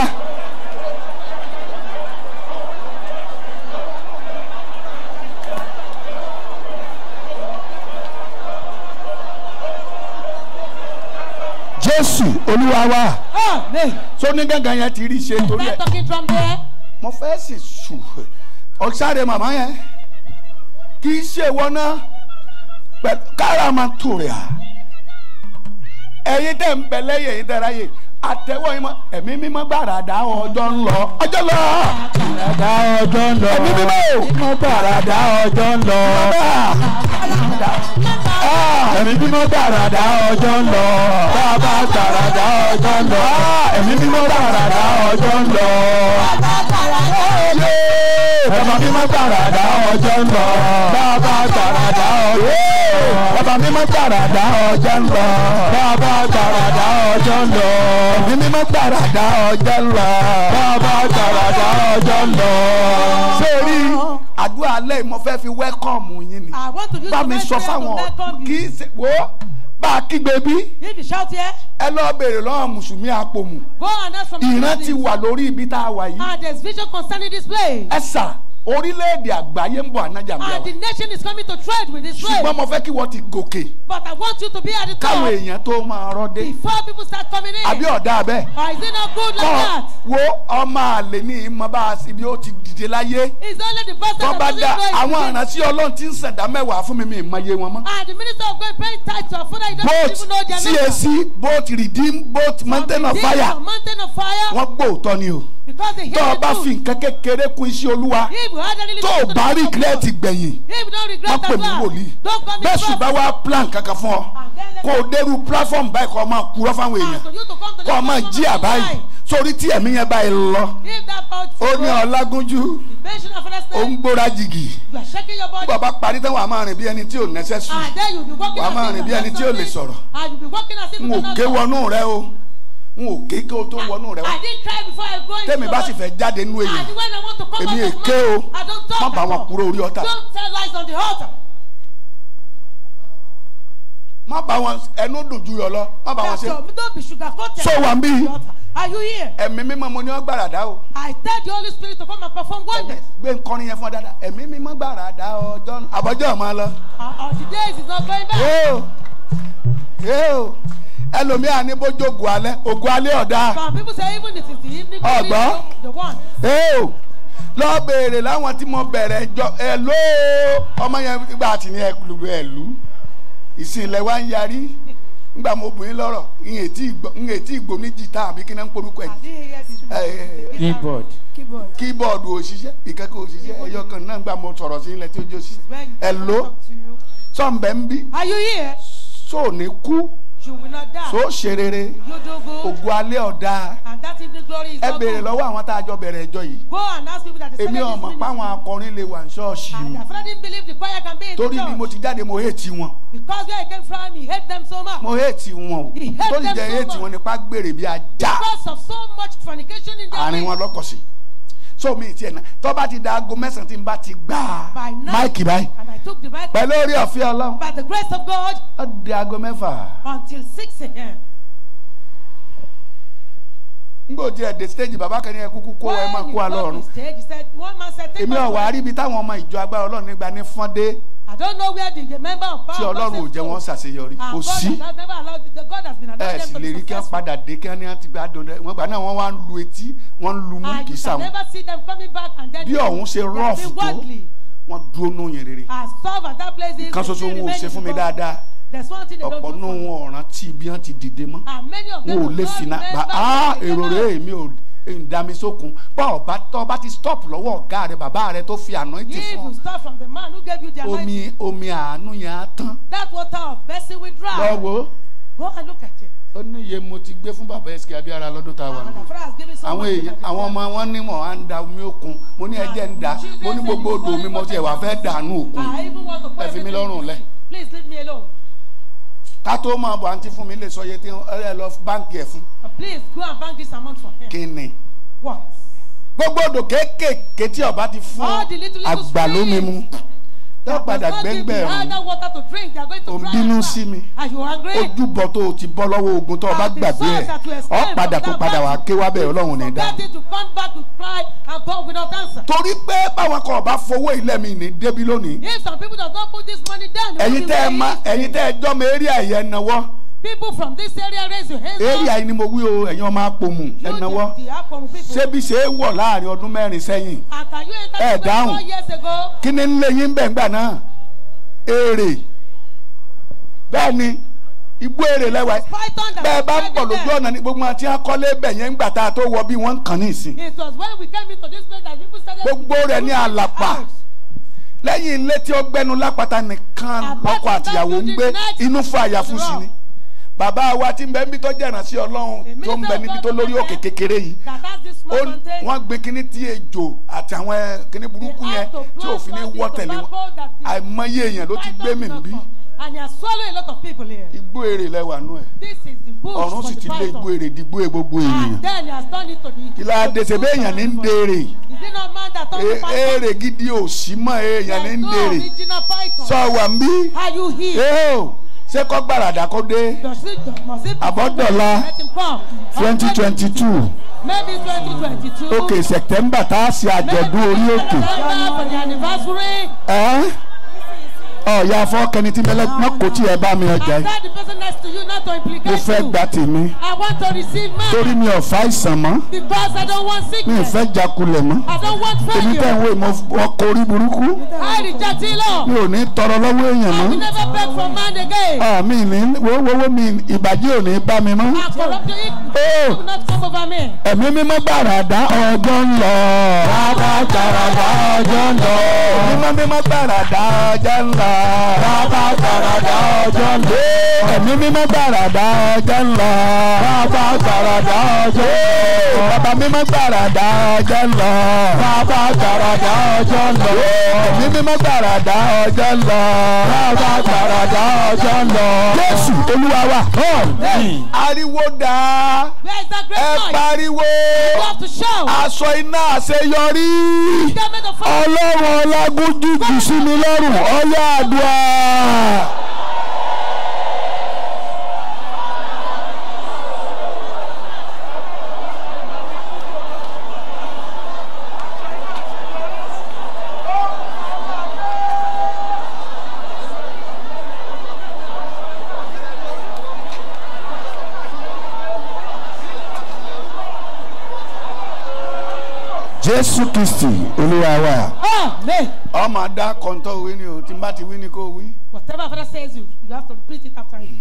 jésù olúwa wa tó ní gángan yẹn ti rí ṣe torí ẹ mo fẹ́ sì sù ọ̀sáré màmá yẹn kì í ṣe wọná pẹ̀lú kára tó rẹ̀ à ẹ̀yin tẹ̀ ń bẹ lẹ́yìn ẹ̀yin tẹ̀ ráyè àtẹwọ́ yín mọ́ ẹ̀mí mímọ́ gbàràdà ọjọ́ ń lọ. ọjọ́ lọ. gbàràdà ọjọ́ ń lọ. ẹ̀mí mímọ́ o. mímọ́ gbàràdà ọjọ́ ń lọ. ẹ̀mí mímọ́ gbàràdà ọjọ́ ń lọ. bàbá gbàràdà ọjọ́ ń lọ. ẹ̀mí mímọ́ gbàràdà ọjọ́ ń lọ. ẹ̀mí mímọ́ gbàràdà ọjọ́ ń lọ. bàbá gbàràdà ọjọ́ ń lọ ọba mímọ́ gbàràdà ọjọ́ ń lọ. bàbá gbàràdà ọjọ́ ń lọ. ẹ̀mí mímọ́ gbàràdà ọjọ́ ń lọ. bàbá gbàràdà ọjọ́ ń lọ. sórí àdúrà alẹ́ mo fẹ́ fi wẹ́kọ̀mù yín ni. bá mi sọ fáwọn kì í ṣe wo bá a kígbe bí. ẹ lọ béèrè lọ́wọ́ mùsùlùmí àpòmù. ìran wà lórí ibi tá a wà yìí. Ah, ẹ sà orílẹ̀-èdè àgbáyé ń bọ̀ ànájà mi. and the nation is coming to trade with Israel. ṣùgbọ́n mo fẹ́ kí wọ́n ti gòkè. but I want you to be at the top. káwọn èèyàn tó máa rọ́dé. before people start coming in. àbí ọ̀dà abẹ́. or is it not good like that. wo ọmọ àlè ní ìmọ̀ bá a síbi ó ti dìde láyé. he is only the pastor that doesn't know his name. àwọn ìránṣẹ́ ọlọ́run ti ń sẹ̀dá mẹ́wàá fún mi mi ìmọ̀ iye wọn mọ́. and the minister of God pay tithe to afuna he doesn't even know their number. both CAC both redeem both mountain of fire. mountain of fire. wọ́n gbóòótọ́ ni o. because they hear the truth. tọ́ ọ bá tó o bá regret gbẹ̀yìn wọ́n pè mí wòlíì bẹ́ẹ̀ ṣùgbọ́n wá plan kankan fún ọ ah, kó o dẹ́rù platform báyìí kó o máa kúrọ́ fáwọn ah, èèyàn kó o máa jí àbáyìí sórí tí ẹ̀mí yẹn báyìí lọ ó ní ọlágúnjú ó ń gbóra jìgì bàbá parí tán wàá bí ẹni tí ò nẹ́sẹ̀ sùn ah, wàá máa bí ẹni tí ò lè sọ̀rọ̀ n ò ké wọnú rẹ o n ò ké kí o tó wọnú rẹ wá tẹ́mi bá sì fẹ́ jáde nínú ah, èyí èmi èké o má bá wọn kúrò orí ọ̀tá má bá wọn ẹnu dojú yọ lọ má bá wọn ṣe so wà mí ẹ̀mí mímọ́ mo ní ọ́ gbàràdá o. I tell the Holy Spirit to come and perform wonders. gbé nkọrin yẹn fún ọ dáadáa ẹ̀mí mímọ́ gbàràdá ọjọ́ àbọ̀jọ́ ọ̀ma lọ. Uh, uh, the days is not going back. yóò yóò ẹlòmíà ní bójú ògùn alẹ́ ògùn alẹ́ ọ̀dà. some people say even it is the evening. ọgbọ́n ee o lọ béèrè láwọn tí mo bẹ̀rẹ̀ jọ ẹ ló ọmọ yẹn gbà àti ní ẹlùbọ ẹlú ìsìnlẹ̀ wa ń yarí ngba mo bùn yín lọ́rọ̀ ìyẹn tí ìyẹn tí ìgbò méjì tá àbí kí náà ń porúkọ yìí. keyboard. keyboard òṣìṣẹ́ ìkẹ́kọ̀ọ́ òṣìṣẹ́ ẹ̀yọ kan náà ngba mo sọ̀rọ̀ sí ilẹ̀ tí ó jó sí. ẹ ló sọ̀nbẹ́ ń bí. are you here? so ní kú you will not die. so ṣe rere you do good. ògo alẹ́ ọ̀dà. and that evening glory is not good. ẹ béèrè lọ́wọ́ àwọn tá a jọ bẹ̀rẹ̀ ẹjọ́ yìí. and ask èmi ọmọ páwọn akọrin lè wà ní ṣọ́ọ̀ṣì I fully believe the choir can be in the torí bí mo ti jáde mo hate wọn. because where I came from he hate them so mo hate wọn o. tó ti jẹ́ hate wọn nípa gbèrè bí ajá. because of so much fornication in their àárín wọn lọ́kọ̀sí so mi tiẹ̀ náà tó bá ti da aago mẹ́sàn-án tí n bá ti gbà á the báyìí pẹ̀lú orí ọ̀fẹ́ ọlọ́run ó di aago mẹ́fà. until six a.m ngbò tí ẹ̀ dé stage bàbá kan ní ẹ kúkú kó ẹ máa kó a lọ́rùn èmi ọ̀wà àríbi táwọn ọmọ ìjọ agbára ọlọ́run nígbà ní fọ́ndé tí ọlọ́run ò jẹ́ wọ́n ṣàṣeyọrí ah, kò sí ẹ sì lè rí kí wọ́n padà dé kí wọ́n ní àti gbà dùn wọ́n gbà náà wọ́n wá ń lu etí wọ́n ń lu mú kì í bí ọ̀hún ṣe rọ́ọ̀fù tó wọ́n dúró nù yẹn rere ah, kan ṣoṣo wọn ṣe fún mi dáadáa ọ̀pọ̀ nù wọn ọ̀ràn tí ibi hàn ti dìde mọ́ ah, wọn ò lè fina bá a ah, èrò rẹ̀ èmi ò ìdámisókun bá ọba tó bá ti stop lọ́wọ́ ọ̀gá rẹ̀ bàbá rẹ̀ tó fi àná ìtì fún ọ omi omi àánú yẹn á tán lọ́wọ́ ó ní iye mo ti gbé fún bàbá ẹsẹ̀ abíára lọ́dún tá a wà nù. àwọn èèyàn àwọn ọmọ wọn ní mọ̀ á ń da omi òkun mo ní ẹjẹ̀ ń da mo ní gbogbo odò mi mo ti ẹ̀wà fẹ́ dànù òkun ẹ fi mí lọ́rùn lẹ̀. Please leave me alone ká tó mọ bọ̀ àǹtí fún mi lè sọ iye tí ẹ lọ báǹkì ẹ̀ fún. please go and bank this amount for him. kí what. gbogbo odò kéékèèké tí ọba ti fún àgbà lómi mu. all the little little streams tá padà gbẹ́ngbẹ́ ọ̀hún ò ń bínú sí mi ojúbọ tó o ti bọ́ lọ́wọ́ ogun tó o bá gbàgbé ẹ̀ ọ́ padà tó padà wà ké wá bẹ́ẹ̀ ọlọ́run ní dá. torí pé báwọn kan ọba fowó ilẹ̀ mi ní débi lónìí ẹ̀yin tẹ́ ẹ jọ́ mi eré àyẹ̀ people from this area raise your hands. area yìí ni mo wí o ẹ̀yin ọmọ apòmù ẹ̀náwó ṣébi ṣe é wọ̀ láàrin ọdún mẹ́rin sẹ́yìn ẹ̀ dáhùn kí ni nílé yín bẹ̀ ńgbà náà èrè bẹ́ẹ̀ ni igbó èrè lẹ́wà bẹ́ẹ̀ bá ń pọ̀ lójú ọ̀nà ni gbogbo àti akọ́lé bẹ̀ yẹn ńgbà tá a tó wọ bí wọ́n ń kàn ní ìsìn gbogbo rẹ̀ ní àlàpà lẹ́yìn ilé tí ó gbẹnu lápáta nìkan lọ́kọ àtìyàwó ń gbé inú fún àyàfún ni bàbá wa tí ń bẹ níbi tó jẹ̀ràn sí ọlọ́run tó ń bẹ níbi tó lórí òkè kékeré yìí wọ́n gbé kíní tí ejò àti àwọn eh, kíní burúkú yẹn tí òfin ní wọ́ tẹ̀lé wọn àìmọye èèyàn ló ti gbé mi bí. And he has a lot of people here. Igbó èrè lẹ́wà nú ẹ̀. This is the bush for the Ọ̀run sì ti lé igbó èrè di igbó gbogbo èèyàn. And then he has turned it to the. èèyàn ní ń dèrè. Is it not man that turned the eh, python? Èrè gidi ò sí mọ́ eh, èèyàn ní ń dèrè. is no original Sọ wà ń bí. Are you here? Oh ṣé kọ́ gbàràdà kó dé àbọ̀dọ̀la twenty twenty two ok september tá a ṣe àjọ̀dún orí òkè. ẹ ọ̀ya fọ́kẹ́ni tí mẹ́lẹ́ ah. má kò tí ẹ bá mi ọjà yìí mo fẹ́ gba tèmi torí mi ò fa àìsàn mọ́ mi ò fẹ́ jakulẹ̀ mọ́ èmi tẹ̀ ń wé mo ọkọ̀ orí burúkú mi ò ní tọrọ lọ́wọ́ èèyàn mọ́ ah, mi ní wọ́wọ́ mi ìbàjẹ́ ò ní bá mi mọ́ oh. ẹ̀mí mímọ́ gbàràdá ọjọ́ ń lọ. bàbá gbàràdá ọjọ́ ń lọ. ẹ̀mí mímọ́ gbàràdá ọjọ́ ń lọ bàbá gbàràdà ọjọ́ ńlọ. ẹ̀mí mímọ́ gbàràdà ọjọ́ ńlọ. bàbá gbàràdà ọjọ́ ńlọ. bàbá mímọ́ gbàràdà ọjọ́ ńlọ. bàbá gbàràdà ọjọ́ ńlọ. ẹ̀mí mímọ́ gbàràdà ọjọ́ ńlọ. bàbá gbàràdà ọjọ́ ńlọ. jésù olúwa wa. ariwo dáa ẹ pariwo aṣọ iná àṣeyọrí ọlọ́run ọlágún jújù sí mi lọ́rùn ọ̀yá àdúrà. Jésù Kristi Olúwa Amen. ọmọ adá kọ́ńtọ́ wí ni o tí n bá ti wí whatever father says you you have to repeat it after him.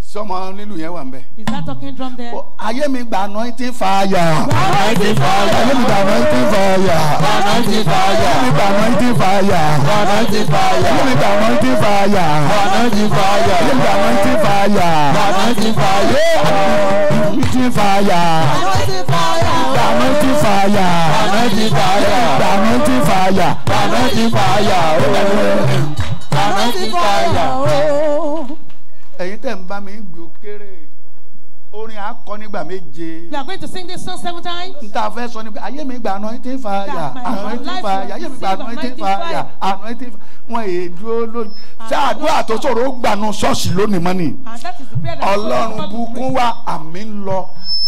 sọmọ nílù yẹn one nbẹ. is that talking drum there. I am mi the anointing fire. anointing fire. ayé mi the anointing fire. anointing fire. ayé mi the anointing fire. anointing fire. ayé mi the anointing fire. anointing fire. ayé mi the anointing fire. anointing fire. anointing fire. anointing fire. Bàmí ti fàyà. Bàmí ti fàyà. Bàmí ti fàyà. Bàmí ti fàyà. Bàmí ti fàyà. Ẹ̀yin tẹ̀ ń bá mi gbé kéré orin akọ méje. we are going to sing this song seven times. n ta fẹ́ sọ ni pé ayé mi gba anointing fire anointing fire ayé mi gba anointing fire anointing fire wọn èyí dúró lónìí. ṣé ah, tó sọ̀rọ̀ ó gbànú ṣọ́ọ̀ṣì lónìí mọ́ni. Ah, ọlọ́run bùkún wa àmì ń lọ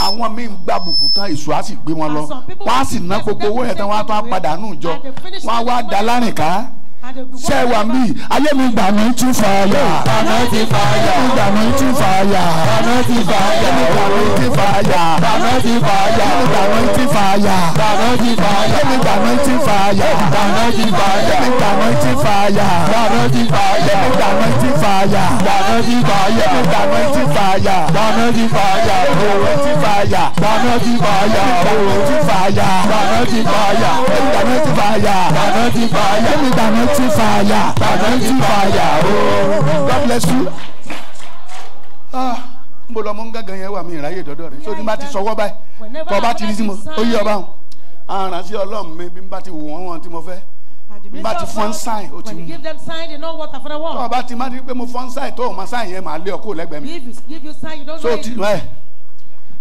àwọn míì ń gba bùkún tán èso á sì gbé wọn lọ wọ́n á sì ná gbogbo owó yẹn tán wọ́n á tún padà nù jọ wọ́n á wá da lárìnká ṣe wà mí ayé mi gbà mí tún fàyà. Bàmí ti fàyà. Ayé mi gbà mí tún fàyà. Bàmí ti fàyà. Ayé mi gbà mí ti fàyà. Bàmí ti fàyà. Ayé mi gbà mí ti fàyà. Bàmí ti fàyà. Ayé mi gbà mí ti fàyà. Bàmí ti fàyà. Ayé mi gbà mí ti fàyà. Bàmí ti fàyà. Ayé mi gbà mí ti fàyà. Bàmí ti fàyà. Ayé mi gbà mí ti fàyà. Bàmí ti fàyà. Òwe ti fàyà. Bàmí ti fàyà. Òwe ti fàyà. Bàmí ti fàyà. Ayé mi gbà mí ti fàyà. Bàmí ti fàyà. Ayé mi gbà mí Anointing fire. Anointing fire. Oh. God bless you. Ah mo lọ mọ ń gángan yẹn wà mí ìráyè dọdọ rẹ sórí bá ti sọwọ báyìí tó bá ti rí sí mo ó yí ọba hàn sí ọlọ́run mi bí n bá ti wò wọ́n wọn tí mo fẹ́ n bá ti fọ́n sáìn o ti mú tó bá ti má rí pé mo fọ́n sáìn tó o ma sáìn yẹn màá lé ọ lẹ́gbẹ̀ẹ́ mi so ti rẹ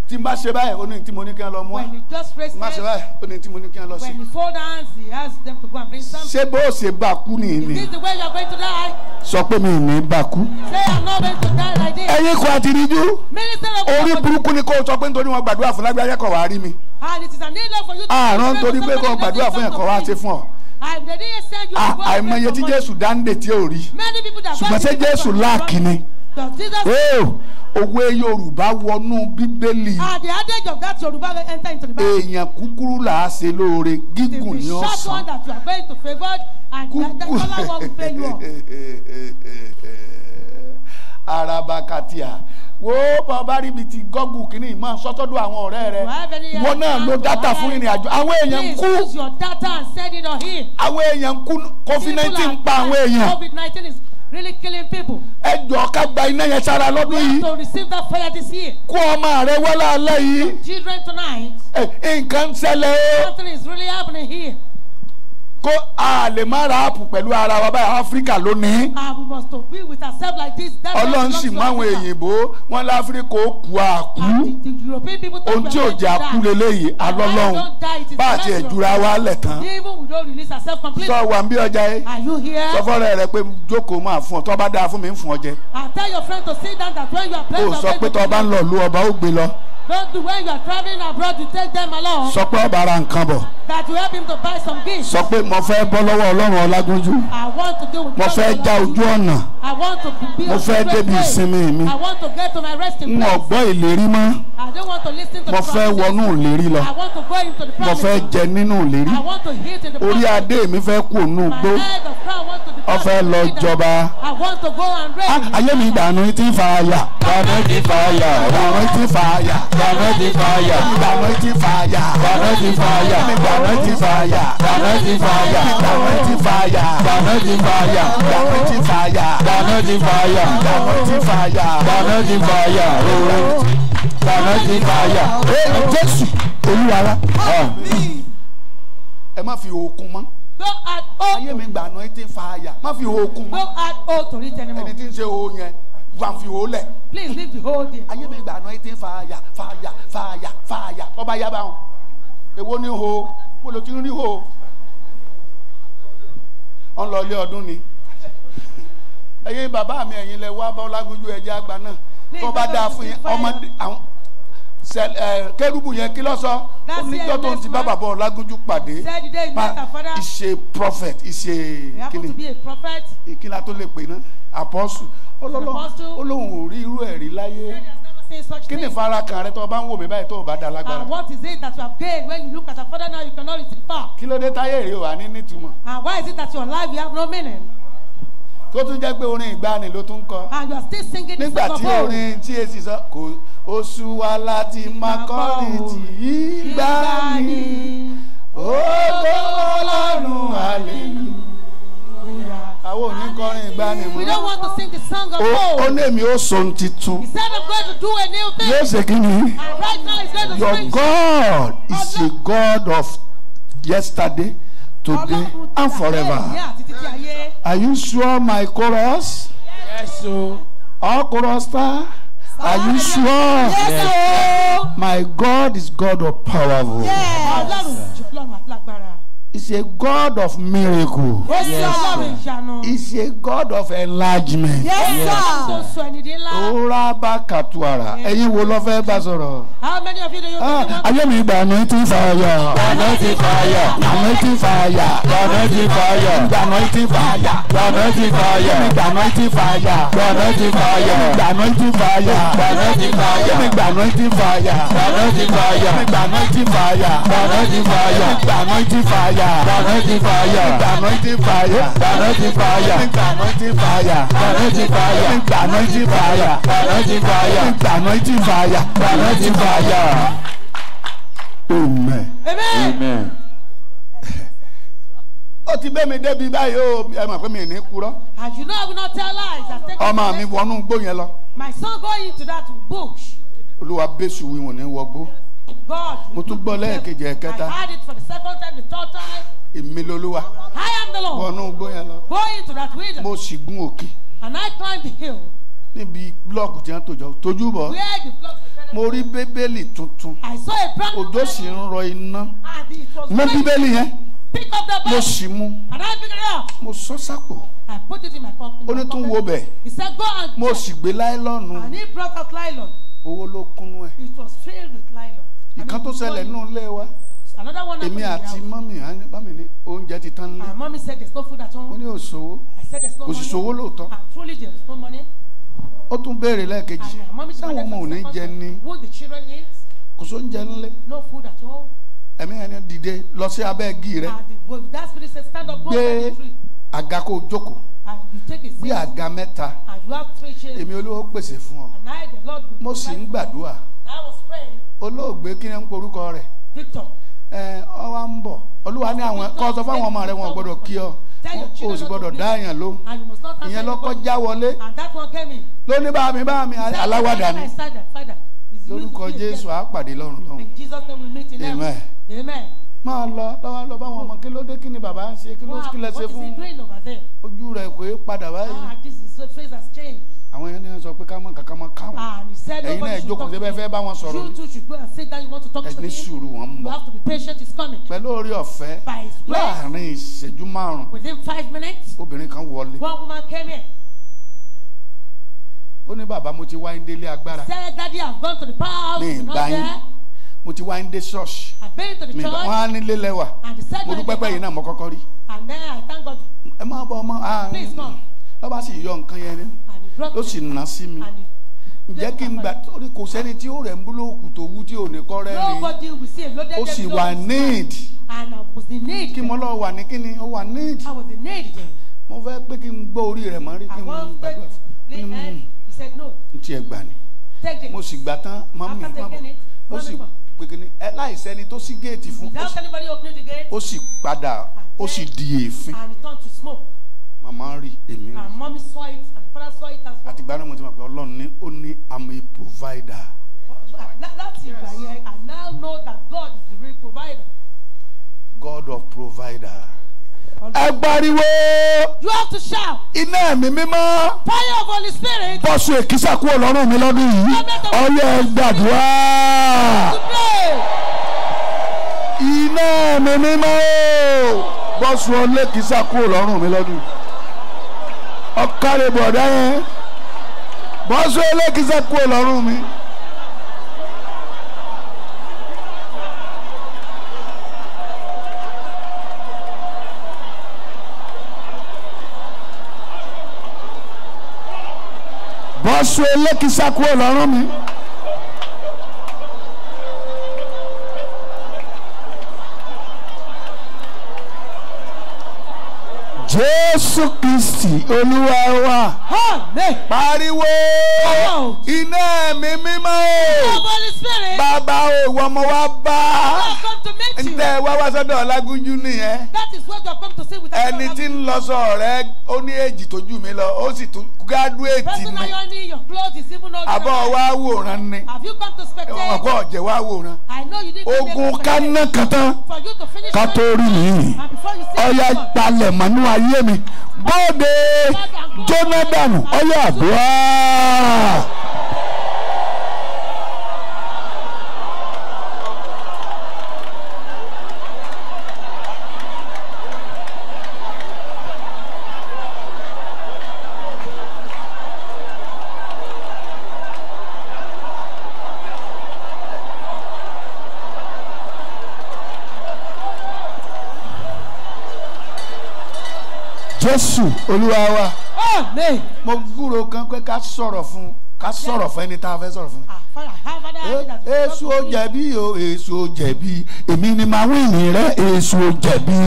tí n bá ṣe báyìí ó ní tí mo ní kí n lọ mú wa tí n bá ṣe báyìí ó ní tí mo ní kí n lọ sí. ṣé bó o ṣe bá a kú nìyí ni sọ pé mi ní bá a kú. ẹ̀yin kò àti ríjú orí burúkú ni kò sọ pé nítorí wọn gbàdúrà fún lágbájá kò wá rí mi. àrùn torí pé kò gbàdúrà fún ẹ̀kọ́ wá ṣe fún ọ ah, àìmọye tí Jésù dáńdè tí ò rí ṣùgbọ́n ṣé Jésù láàkì ni. Because Jesus. Oh òwe yorùbá wọnú bíbélì. at ah, the adage of that yorùbá will enter into the bible. èèyàn kúkúrú là á ṣe lóore gígùn ni ó sàn. the short one that you are going to favour and the adékọ́lá one will pay you off. *laughs* arabakatia wo bàbá ríbi ti gọ́gù kìíní máa sọ́tọ́dọ̀ àwọn ọ̀rẹ́ rẹ wọn náà lo dátà fún ìrìn àjò àwọn èèyàn ń kú àwọn èèyàn ń kú covid nineteen ń pa àwọn èèyàn really killing people. ẹ ká gba iná yẹn sára lọ́dún yìí. to receive that fire this year. kó ọmọ rẹ wọlé alẹ́ yìí. children tonight. ẹ nǹkan ń ṣẹlẹ̀ o. is really happening here kó a lè má ra àpù pẹ̀lú ara wa báyìí áfíríkà lónìí. ah we must to with ourselves like this. ọlọ́run sì mú àwọn èyìnbó wọn láfíríkà ó kú àkú. Ah, ohun tí ò jẹ́ àkú leléyìí alọ́lọ́run bá a ti ẹ̀jura wa lẹ̀ tán. sọ wà ń bí ọjà yẹ. sọ fọ́nrẹ́ rẹ pé jókòó máa fún ọ tọ́ bá dáa fún mi ń fún ọ jẹ. Ah, tell your friend to sit down that when you are playing. o sọ pé tọ́ bá ń lọ lu ọba ó gbé lọ. Don't do when you are traveling abroad You take them along. Sọ pé ọba ara nǹkan bọ̀. That will help him to buy some gifts. Sọ pé mo fẹ́ bọ́ lọ́wọ́ Ọlọ́run Ọlágúnjú. I want to do with God. Mo fẹ́ já ojú ọ̀nà. I want to be mo fẹ́ débi ìsinmi mi. I want to get to my resting place. N ò gbọ́ ìlérí mọ́. I don't want to listen to the promises. Mo fẹ́ wọnú ìlérí lọ. I want to go into the promises. Mo fẹ́ jẹ nínú ìlérí. I want to hit in the promises. Orí adé mi fẹ́ kú òun gbó. My head of crown want to be promised. Ọfẹ́ lọ jọba. I want to go and reign. Ah, ayé mi ìdànù ti fa àyà. Ìdànù ti fa àyà. Ìdànù ti fa àyà. Vanity fire, vanity fire, vanity fire, vanity fire, vanity fire, vanity fire, vanity fire, vanity fire, vanity fire, vanity fire, vanity fire, vanity fire. Jésù Olúwara. Ẹ má fi òkun mọ́. Ayé mi gbà náà ti fa àyà. Má fi òkun mọ́. Ẹni tí ń ṣe òun yẹn wà fi hó lẹ̀. please leave the whole thing. ayé mi gba anointing fàáyà fàáyà fàáyà fàáyà ọba yaba wọn èwo ni ho mo lọ ti rí ho ọ ń lọ ilé ọdún ni ẹ̀yin bàbá mi ẹ̀yin lẹ wá bá ọlágúnjú ẹjẹ àgbà náà tó bá dáa fún yín ọmọdé àwọn Eh, kérúbù yẹn kí ló sọ ó ní jọ́ tó ń ti bá bàbá ọlágúnjú pàdé is a prophet is a kíni ìkíni tó lè pè náà apostle ọlọ́lọ́ olóhùn ò rí irú ẹ̀ rí láyé kí ni ìfarakàn rẹ tó o bá ń wò mí báyìí tó o bá da lágbára. and what is it that you have gained when you look at your father now you cannot receive back. kí ló dé táyé rèé wà ní nítumọ̀. and why is it that your life you have no meaning tó tún jẹ́ pé orin ìgbani ló tún kọ. and you are still singing the song of old. nígbà tí orin tí esi sọ kò oṣù wa láti makọ́rì tì í gbá ní ògo ọlọ́run àlelu. Àwọn ò ní kọrin ìgbani mọ́. We don't want to sing the song of old. Ó lé mi ó so ohun titun. He said I'm going to do a new thing. Yóò ṣe kí And right now he's going to Your sing. Your God is a God of yesterday, today and forever. Are you sure my chorus? Yes o. All chorus star. Are you sure? Yes, yes. Oh. My God is God of power. Yes. is a God of miracle. Yes, yes Is a God of enlargement. Yes, yes Oraba Katuara. Ẹyin wo lọ fẹ́ bá sọ̀rọ̀? How many of you do you think? Ah, ayé mi gba anointing fire. anointing fire. anointing fire. anointing fire. anointing fire. anointing fire. anointing fire. anointing fire. anointing fire. anointing fire. anointing fire. anointing fire. anointing fire. anointing fire. anointing fire. Anointing Amen. Amen. ó ti bẹ́ mi débi báyìí ó ẹ mọ̀ pé mi ní kúrọ́. as you know I will not tell lies as my. ọmọ mi wọnú gbó yẹn lọ. my son go into that bush. olúwa bẹ́sù wíwọ̀n ní wọgbó mo tún gbọ́ lẹ́ẹ̀kejì ẹ̀kẹta èmi lolúwa wọnú gbóyàn lọ mo sì gun òkè níbi blọọkù tí wọ́n tòjọ tójú bọ̀ mo rí bíbélì tuntun òjò sì ń rọ iná mú bíbélì yẹn mo sì mú mo sọ sápò ó ní tún wo bẹ̀ mo sì gbé láìlọ́ọ̀nù owó ló kúnú ẹ̀ ìkan tó ṣẹlẹ̀ nínú ilé wa another one happened in the house. èmi àti mọ́mì mọ́mì ní oúnjẹ ti tán lé. and ah, said there no food at home. ó ní òṣòwò òṣìṣòwò lóòótọ́. and ah, truly there is no money. ó tún béèrè lẹ́ẹ̀kejì táwọn ah, ọmọ ò ní jẹ ní. would the children eat. kò sóúnjẹ ńlẹ̀. no food at all. ẹ̀mí ẹni dìde lọ sí abẹ́ igi rẹ. and that spirit said stand up go down the tree. àga kó o jókòó. and you take a seat. bí àga mẹ́ta. and you have three chairs. èmi olówó pèsè fún ọ. and I the Lord will provide for you. mo sì ń gbàdúrà. and I was praying olóògbé kí ni ń porúkọ rẹ̀ ẹ ọ wa ń bọ̀ olúwa ní àwọn kọ́ sọ fáwọn ọmọ rẹ̀ wọn gbọ́dọ̀ kí ọ o sì gbọ́dọ̀ dá èèyàn ló ìyẹn lọ́kọ́ já wọlé lóní bá mi bá mi aláwàdà ni lórúkọ jésù á pàdé lọ́run lọ́run amen máa lọ lọ́wọ́ lọ báwọn ọmọ kí ló dé kí ni bàbá ń ṣe kí ló kí lẹ ṣe fún ojú rẹ̀ kò é padà báyìí. Ah, àwọn yẹn ní sọ pé ká mọ kankan mọ ká wọn ah, ẹ̀yin náà jókòó síbẹ̀ fẹ́ bá wọn sọ̀rọ̀ ẹ ní sùúrù wọn ń bọ̀ pẹ̀lú orí ọ̀fẹ́ láàrin ìṣẹ́jú márùn-ún obìnrin kan wọlé ó ní bàbá mo ti wá ń délé agbára ní ìgbà yín mo ti wá ń dé ṣọ́ọ̀ṣì mi ìgbà wọn á nílé lẹ́wà mo dúpẹ́ pé yìí náà mo kọ́kọ́ rí ẹ máa bọ ọmọ àárín lọ́ba sì yọ nǹkan yẹn ní ló sì ná sí mi ǹjẹ́ kí n gbà torí kò sẹ́ni tí ó rẹ̀ ń búlò kùtò wú tí ò ní kọ́ rẹ́ ni ó sì wà need kí mo lọ wà ní kíni ó wà need mo fẹ́ pé kí n gbọ́ orí rẹ̀ mọ́ rí kí n gbàgbọ́ n tiẹ̀ gbà ni mo sì gbà tán mami mami ó sì pé kíni láìsẹ́ni tó ṣí géètì fún ó sì padà ó sì di èéfín màmá rí èmi rí father saw it as mo ti mọ̀ pé ọlọ́run ní ó ní i'm a provider. láti ìgbà yẹn i now know that God is the real provider. God of provider. Agbariwo. You have to shout. Iná ẹ̀mí mímọ́. Fire of Holy Spirit. Bọ́sù èkìsà kúrò lọ́rùn mi lọ́dún yìí. Ọyẹ gbàdúrà. Iná ẹ̀mí mímọ́. Bọ́sù ọlẹ́kìsà kúrò lọ́rùn mi lọ́dún yìí ọ̀kàrẹ̀ bọ̀dá yẹn bọ́sọ elékisá kú ọlọ́run mi. bọ́sọ elékisá kú ọlọ́run mi. jésù kristi olúwa wa pariwo iná mi mímọ́ o bàbá o ìwọ ọmọ wa bá ntẹ wá wá sọ́dọ̀ ọlágúnjú nìyẹn ẹni tí ń lọ sọ rẹ ó ní èjì tójú mi lọ ó sì tún gádùétì ni àbọ̀ wá wòran ni ọ̀pọ̀ ọ̀jẹ̀ wá wòran ogun ká ná kàtán ká tó rí nìyí ọ̀ya palẹ̀ mọ́nú ayé ayé mi bóde Jonathan ọyọ àdúrà. olúwa wa mo gbúrò kan pé ká sọ̀rọ̀ fún ká sọ̀rọ̀ fún ẹni tá a fẹ́ sọ̀rọ̀ fún. èṣù ò jẹ̀bi o èṣù ò jẹ̀bi èmi ni màá wíìnì rẹ èṣù ò jẹ̀bi.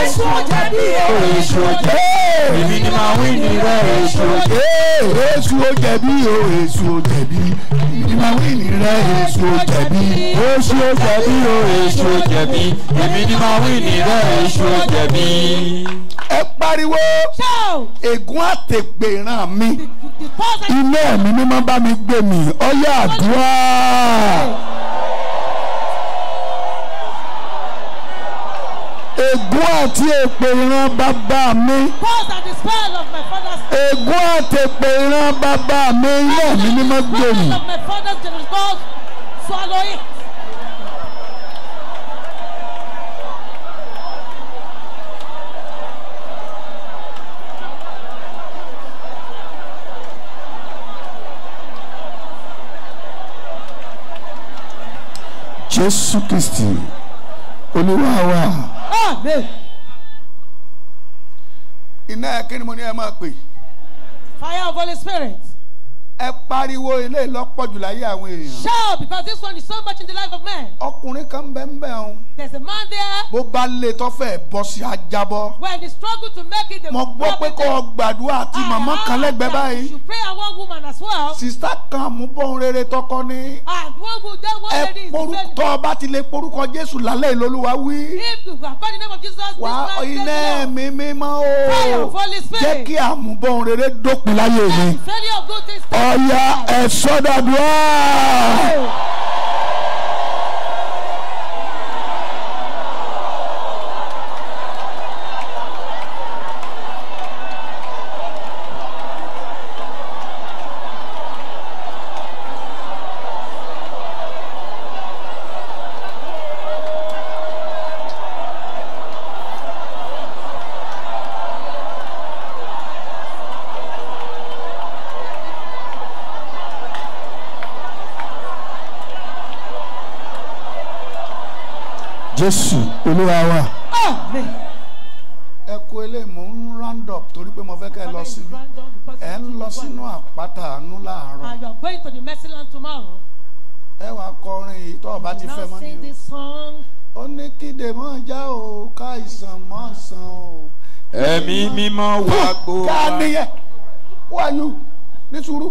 èṣù ò jẹ̀bi o èṣù ò jẹ̀bi èmi ni màá wíìnì rẹ èṣù jẹ̀bi. èṣù jẹ̀bi o èṣù jẹ̀bi èmi ni màá wíìnì rẹ èṣù jẹ̀bi. èṣù jẹ̀bi o èṣù jẹ̀bi èmi ni màá wíìnì rẹ èṣù jẹ̀bi ẹ pariwo ègún àtègbè ràn mí ilé ẹ̀mí mímọ́ bá mi gbé mi ọyá àdúrà. ègún àti èpè ìran bàbá mi ègún àti èpè ìran bàbá mi ilé ẹ̀mí mímọ́ gbé mi. jésù kristi olúwa wa. iná kí ni mo ní ẹ máa pè. fire of holy spirit ẹ pariwo ilé lọ́pọ̀ láyé àwọn èèyàn. shout because this one is so much in the life of man. ọkùnrin kan bẹ́ẹ̀ bẹ́ẹ̀ o. there a man there. bó bá lè tọ́fẹ̀ bọ́ sí ajábọ́. when he struggle to make it the. mo gbọ́ pé kó o gbàdúrà àti màmá kan lẹ́gbẹ̀ẹ́ báyìí. you pray and one woman as well. sista kan àmúbọ̀n rere tọkọ ni. and one woman then one lady is very. ẹ porúkọ ti lè porúkọ Jésù lálẹ́ ìlólúwa wí. if you are calling the name of Jesus. wà á iná mi mímọ́ o. fire of holy spirit. jẹ́ kí àmúbọ̀n rere dópin láyé mi. and failure of good things ọ̀yà ẹ̀sọ́dàdúrà. jésù olúwa wa. ẹ kú eléyìí mò ń round up torí pé mo fẹ́ kẹ́ ẹ lọ síbi ẹ ń lọ sínú àpáta àánú láàárọ̀. and you are going to the mercy land tomorrow. ẹ wàá kọrin yìí tó o ti fẹ́ mọ́ ni o. now sing this song ó ní kíde mọ́ já o ká ìsàn mọ́ sàn o. ẹ̀mí mímọ́ wá gbó wa. ká nìyẹn wá yú ní sùúrù.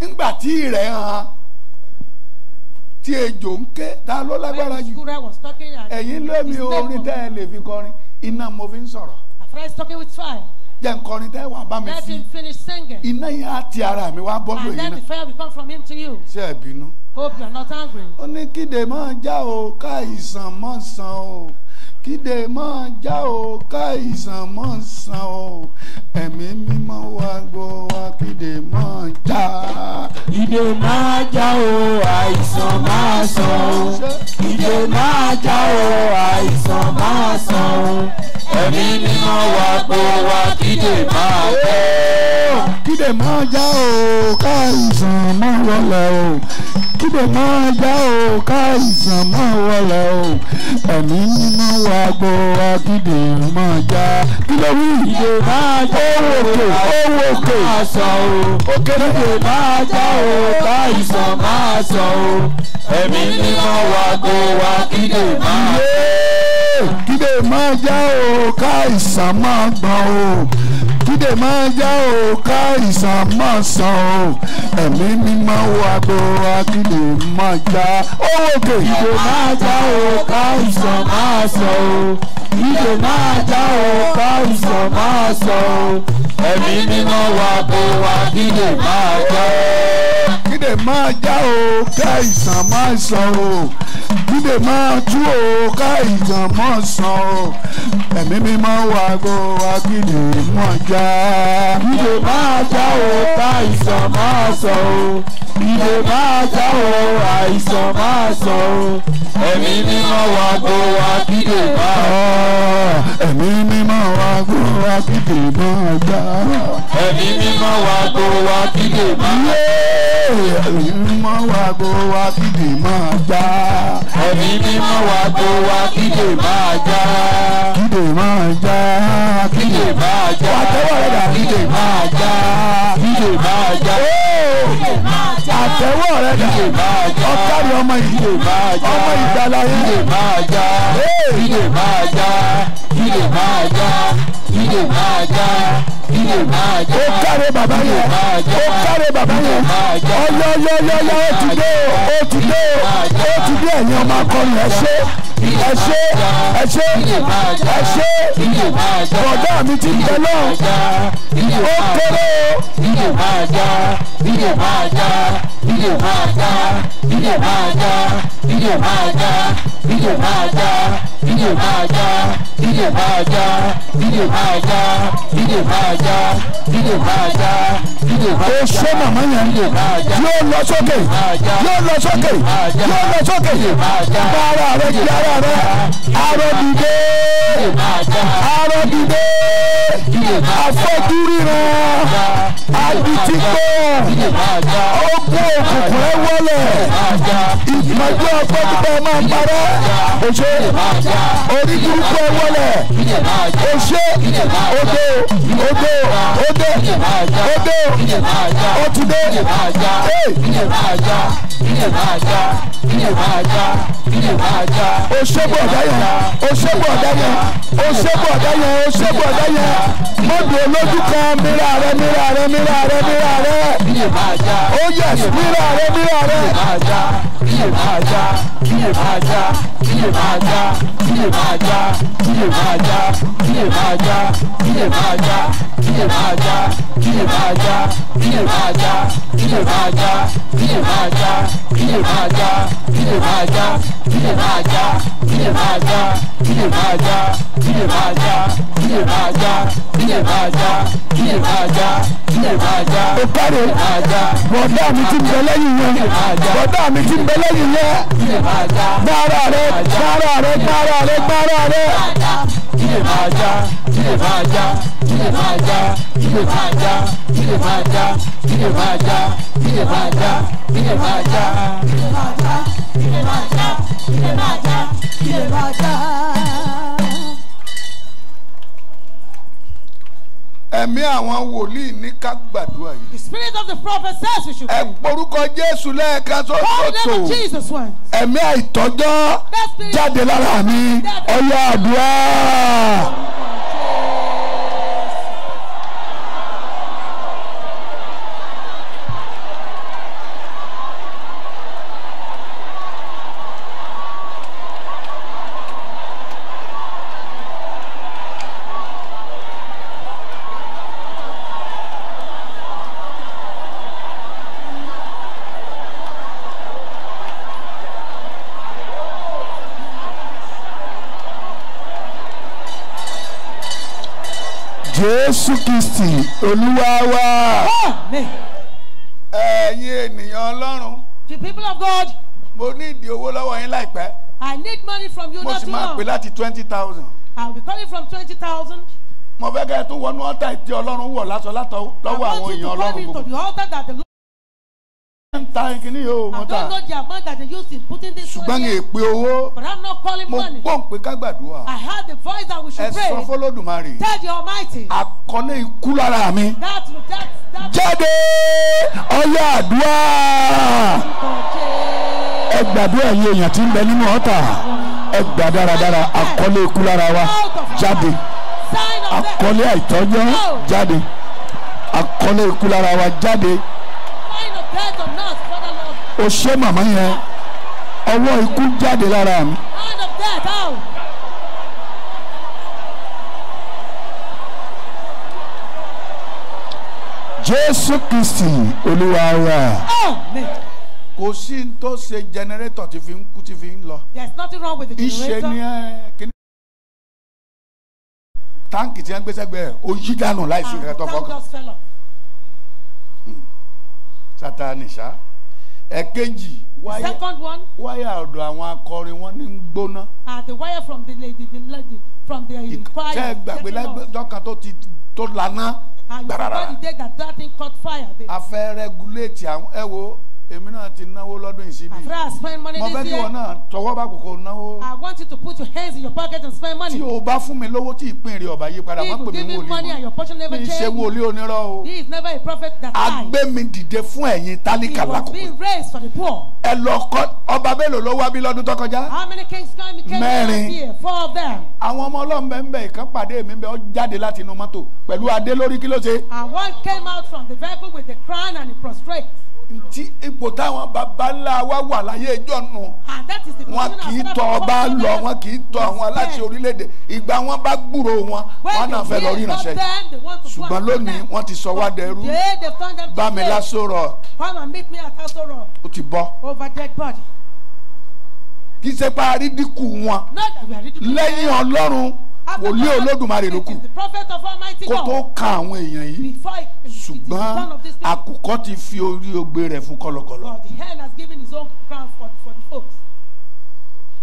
nígbà tí rẹ̀ hàn tí ejò ń ké ta ló lágbára jù ẹ̀yin lómi orin tẹ́ ẹ lè fi kọrin iná mo fi ń sọ̀rọ̀ jẹ́ n kọrin tẹ́ wà bá mi fi iná yẹn á ti ara mi wá bọ́ lóyún náà ṣé ẹ bínú ó ní kíde máa já o ká ìsàn mọ́ san o kíde mọ́ já o káìsàn mọ́ san o ẹ̀mí mímọ́ wa gbọ́ wa kíde mọ́ já. kíde máa já o àìsàn máa san o kíde máa já o àìsàn máa san o ẹ̀mí mímọ́ wa gbọ́ wa kíde máa bẹ́. kíde máa já o káìsàn máa wọlé o kíbe máa já o káìsàn máa wọlé o ẹ̀mí mímọ́ wa gbọ́ wa kíbe máa já. kí ló wí. kíbe máa já o òwòkè máa sọ o òkèlè máa já o káìsàn máa sọ o ẹ̀mí mímọ́ wa gbọ́ wa kíbe máa kídè máa já o ká ìsàn máa gbọ̀n o kídè máa já o ká ìsàn máa sàn o ẹ̀mí mímọ́ wà gbọ́ wa kídè máa já owó òkè. kídè máa já o ká ìsàn máa sàn o kídè máa já o ká ìsàn máa sàn o ẹ̀mí mímọ́ wà gbọ́ wa kídè máa já o kíndè máa já o ká ìsàn máa sàn o kíndè máa tú o ká ìsàn máa sàn o ẹ̀mí mi máa wà gò wá kíndè máa já. kíndè máa já o ká ìsàn máa sàn o kíndè máa já o àìsàn máa sàn o ẹ̀mí mímọ́ wa kó wa kíde bá ọ. ẹ̀mí mímọ́ wa kó wa kíde bá ọjà. ẹ̀mí mímọ́ wa kó wa kíde bá ọjà. ẹ̀mí mímọ́ wa kó wa kíde máa já. ẹ̀mí mímọ́ wa kó wa kíde máa já. kíde máa já. kíde máa já. wàá tẹ́wọ́ rẹ̀ dà. kíde máa já. kíde máa àtẹ́wọ́ rẹ dà ọ̀kárí ọmọ yìí ọmọ ìgbàlá yìí. Ilé máa já, ilé máa já, ilé máa já ó káre bàbá yẹn ó káre bàbá yẹn ọyọyọyọyọ ó ti dé ó ti dé ó ti dé ẹ̀yin ọmọ akọrin ẹ ṣé ẹ ṣé ẹ ṣé ẹ ṣé bọ̀dá mi ti ń bẹ náà ó kéré o video video, já video video, já video máa já video máa já video máa já video máa já. o ṣé màmá yẹn yóò lọ sókè yóò lọ sókè yóò lọ sókè bá ara rẹ di ara rẹ arọ dìde arọ dìde afọdúrírọ àdìtìkọ ọgbọ òkùnkùn ẹ wọlé ìgbàgbọ́ ọgbọ́n tó bá máa parẹ́ òṣèré orí burúkú ọwọ́lẹ̀ oṣé odò odò odò odò ọtúndé oṣébù ọ̀dá yẹn oṣébù ọ̀dá yẹn oṣébù ọ̀dá yẹn oṣébù ọ̀dá yẹn mọ́tò olójú kan mìíràn rẹ mìíràn rẹ mìíràn rẹ mìíràn rẹ ó oh yẹ mìíràn rẹ mìíràn rẹ kí lè máa já kí lè máa já kí lè máa já kí lè máa já kí lè máa já kí lè máa já kí lè máa já kí lè máa já kí lè máa já kí lè máa já kí lè máa já kí lè máa já kí lè máa já kí lè máa já kí lè máa já kí lè máa já kí lè máa já kí lè máa já kí lè máa já kí lè máa já. o parí bọ̀dá mi ti ń bẹ lẹ́yìn yẹn bọ̀dá mi ti ń bẹ lẹ́yìn yẹn bá ara rẹ gbára rẹ gbára rẹ gbára rẹ. Jíde máa já, jíde máa já, jíde máa já, jíde máa já, jíde máa já, jíde máa já, jíde máa já, jíde máa já. Jíde máa já, jíde máa já, jíde máa já, jíde máa já. Ẹ̀mí àwọn wòlíì ní ká gbàdúrà yìí. The spirit of the prophet says we should pray. Ẹ gborúkọ Jésù lẹ́ẹ̀kan ṣoṣo tó. Ẹ̀mí àìtọ́jọ́ jáde lára mi. Ọyọ jésù kristi olúwa wa ẹ̀yin ènìyàn ọlọ́run. the people of God. mo ní ìdí owó lọ́wọ́ yín láìpẹ́. I need money from you not too long. mo sì máa pè láti twenty thousand. I will be calling from twenty thousand mo fẹ́ kẹ́ ẹ tún wọnú ọ́tà ìtì ọlọ́run wọ̀ lásọ látọ̀ lọ́wọ́ àwọn èèyàn ọlọ́run gbogbo ta kíní yóò wọ́n ta. I don't know the amount that they used in putting this money. ṣùgbọ́n owó. but I'm not calling money. ká gbàdúrà. I heard the voice that we should pray. ẹ sọ fọlọ́dùmarè. tell the almighty. àkọlé ikú lára mi. that that that. jáde ọyọ àdúrà. ẹ gbàdúrà yìí èèyàn ti ń bẹ nínú ọ̀tà ẹ gbà dáradára àkọlé ikú lára wa jáde àkọlé àìtọ́jọ́ jáde àkọlé ikú lára wa jáde o ṣé mama! yẹn ọwọ́ ikú jáde lára mi. Jésù Kristi Olúwa wa. kò sí n tó ṣe jẹnẹrétọ̀ tí fi ń kú tí fi ń lọ. there is nothing wrong with the generator. ìṣe ni ẹ kíni. táǹkì tí wọ́n gbé sẹ́gbẹ̀ẹ́ o yí dànù láì sí ìrẹ́tọ̀ fọ́kàn. sátani ṣá ẹ̀kejì second one wáyà ọ̀dọ̀ àwọn akọrin wọn ní gbóná. and ah, the wire from the lady the lady from the fire. ṣe gbàgbé lọ́kàn tó ti tó lana ah, gbàràrà. and you know the day that that thing caught fire. a fẹ́ regulate àwọn ẹ èmi náà ti náwó lọ́dún yìí síbi. after I spend money this year. mo fẹ́ kí wọn náà tọwọ́ bá kòkó náwó. I want you to put your hands in your pocket and spend money. tí o bá fún mi lówó tí ìpín rẹ̀ ọ̀bà yí padà má pè mí wòlíì mọ́. if you give money and your portion never change. ṣe wòlíì onírọ́ o. he is never a prophet that lies. agbé mi dìde fún ẹ̀yin tálíkà lákòókò. he was being raised for the poor. ẹ lọ kọ ọba mélòó ló wá bí lọ́dún tó kọjá. how many kings come came last year four of them. àwọn ọmọ ọlọ́run bẹ́ẹ̀ bẹ́ẹ̀ kan pàdé mi bẹ́ẹ̀ ó jáde láti inú mọ́tò pẹ̀lú adé lórí kí ló ṣe. and one came out from the vehicle with a crown and he prostrate tí ipò táwọn bàbá ńlá wa wà láyé ìjọ nù ah, wọn kì í tọ ọba lọ wọn kì í tọ àwọn aláṣẹ orílẹ̀-èdè ìgbà wọn bá gbúrò wọn wọn náà fẹ́ lọ rí ìrànṣẹ́ ṣùgbọ́n lónìí wọ́n ti sọ wá dẹrú bá mi lásán rọ ó ti bọ́ kì í ṣe pa àrídìkù wọn lẹ́yìn ọlọ́run wòlíì olódùmarè ló kù kó tó kan àwọn èèyàn yìí ṣùgbọ́n àkùkọ ti fi orí ogbe rẹ̀ fún kọlọkọlọ.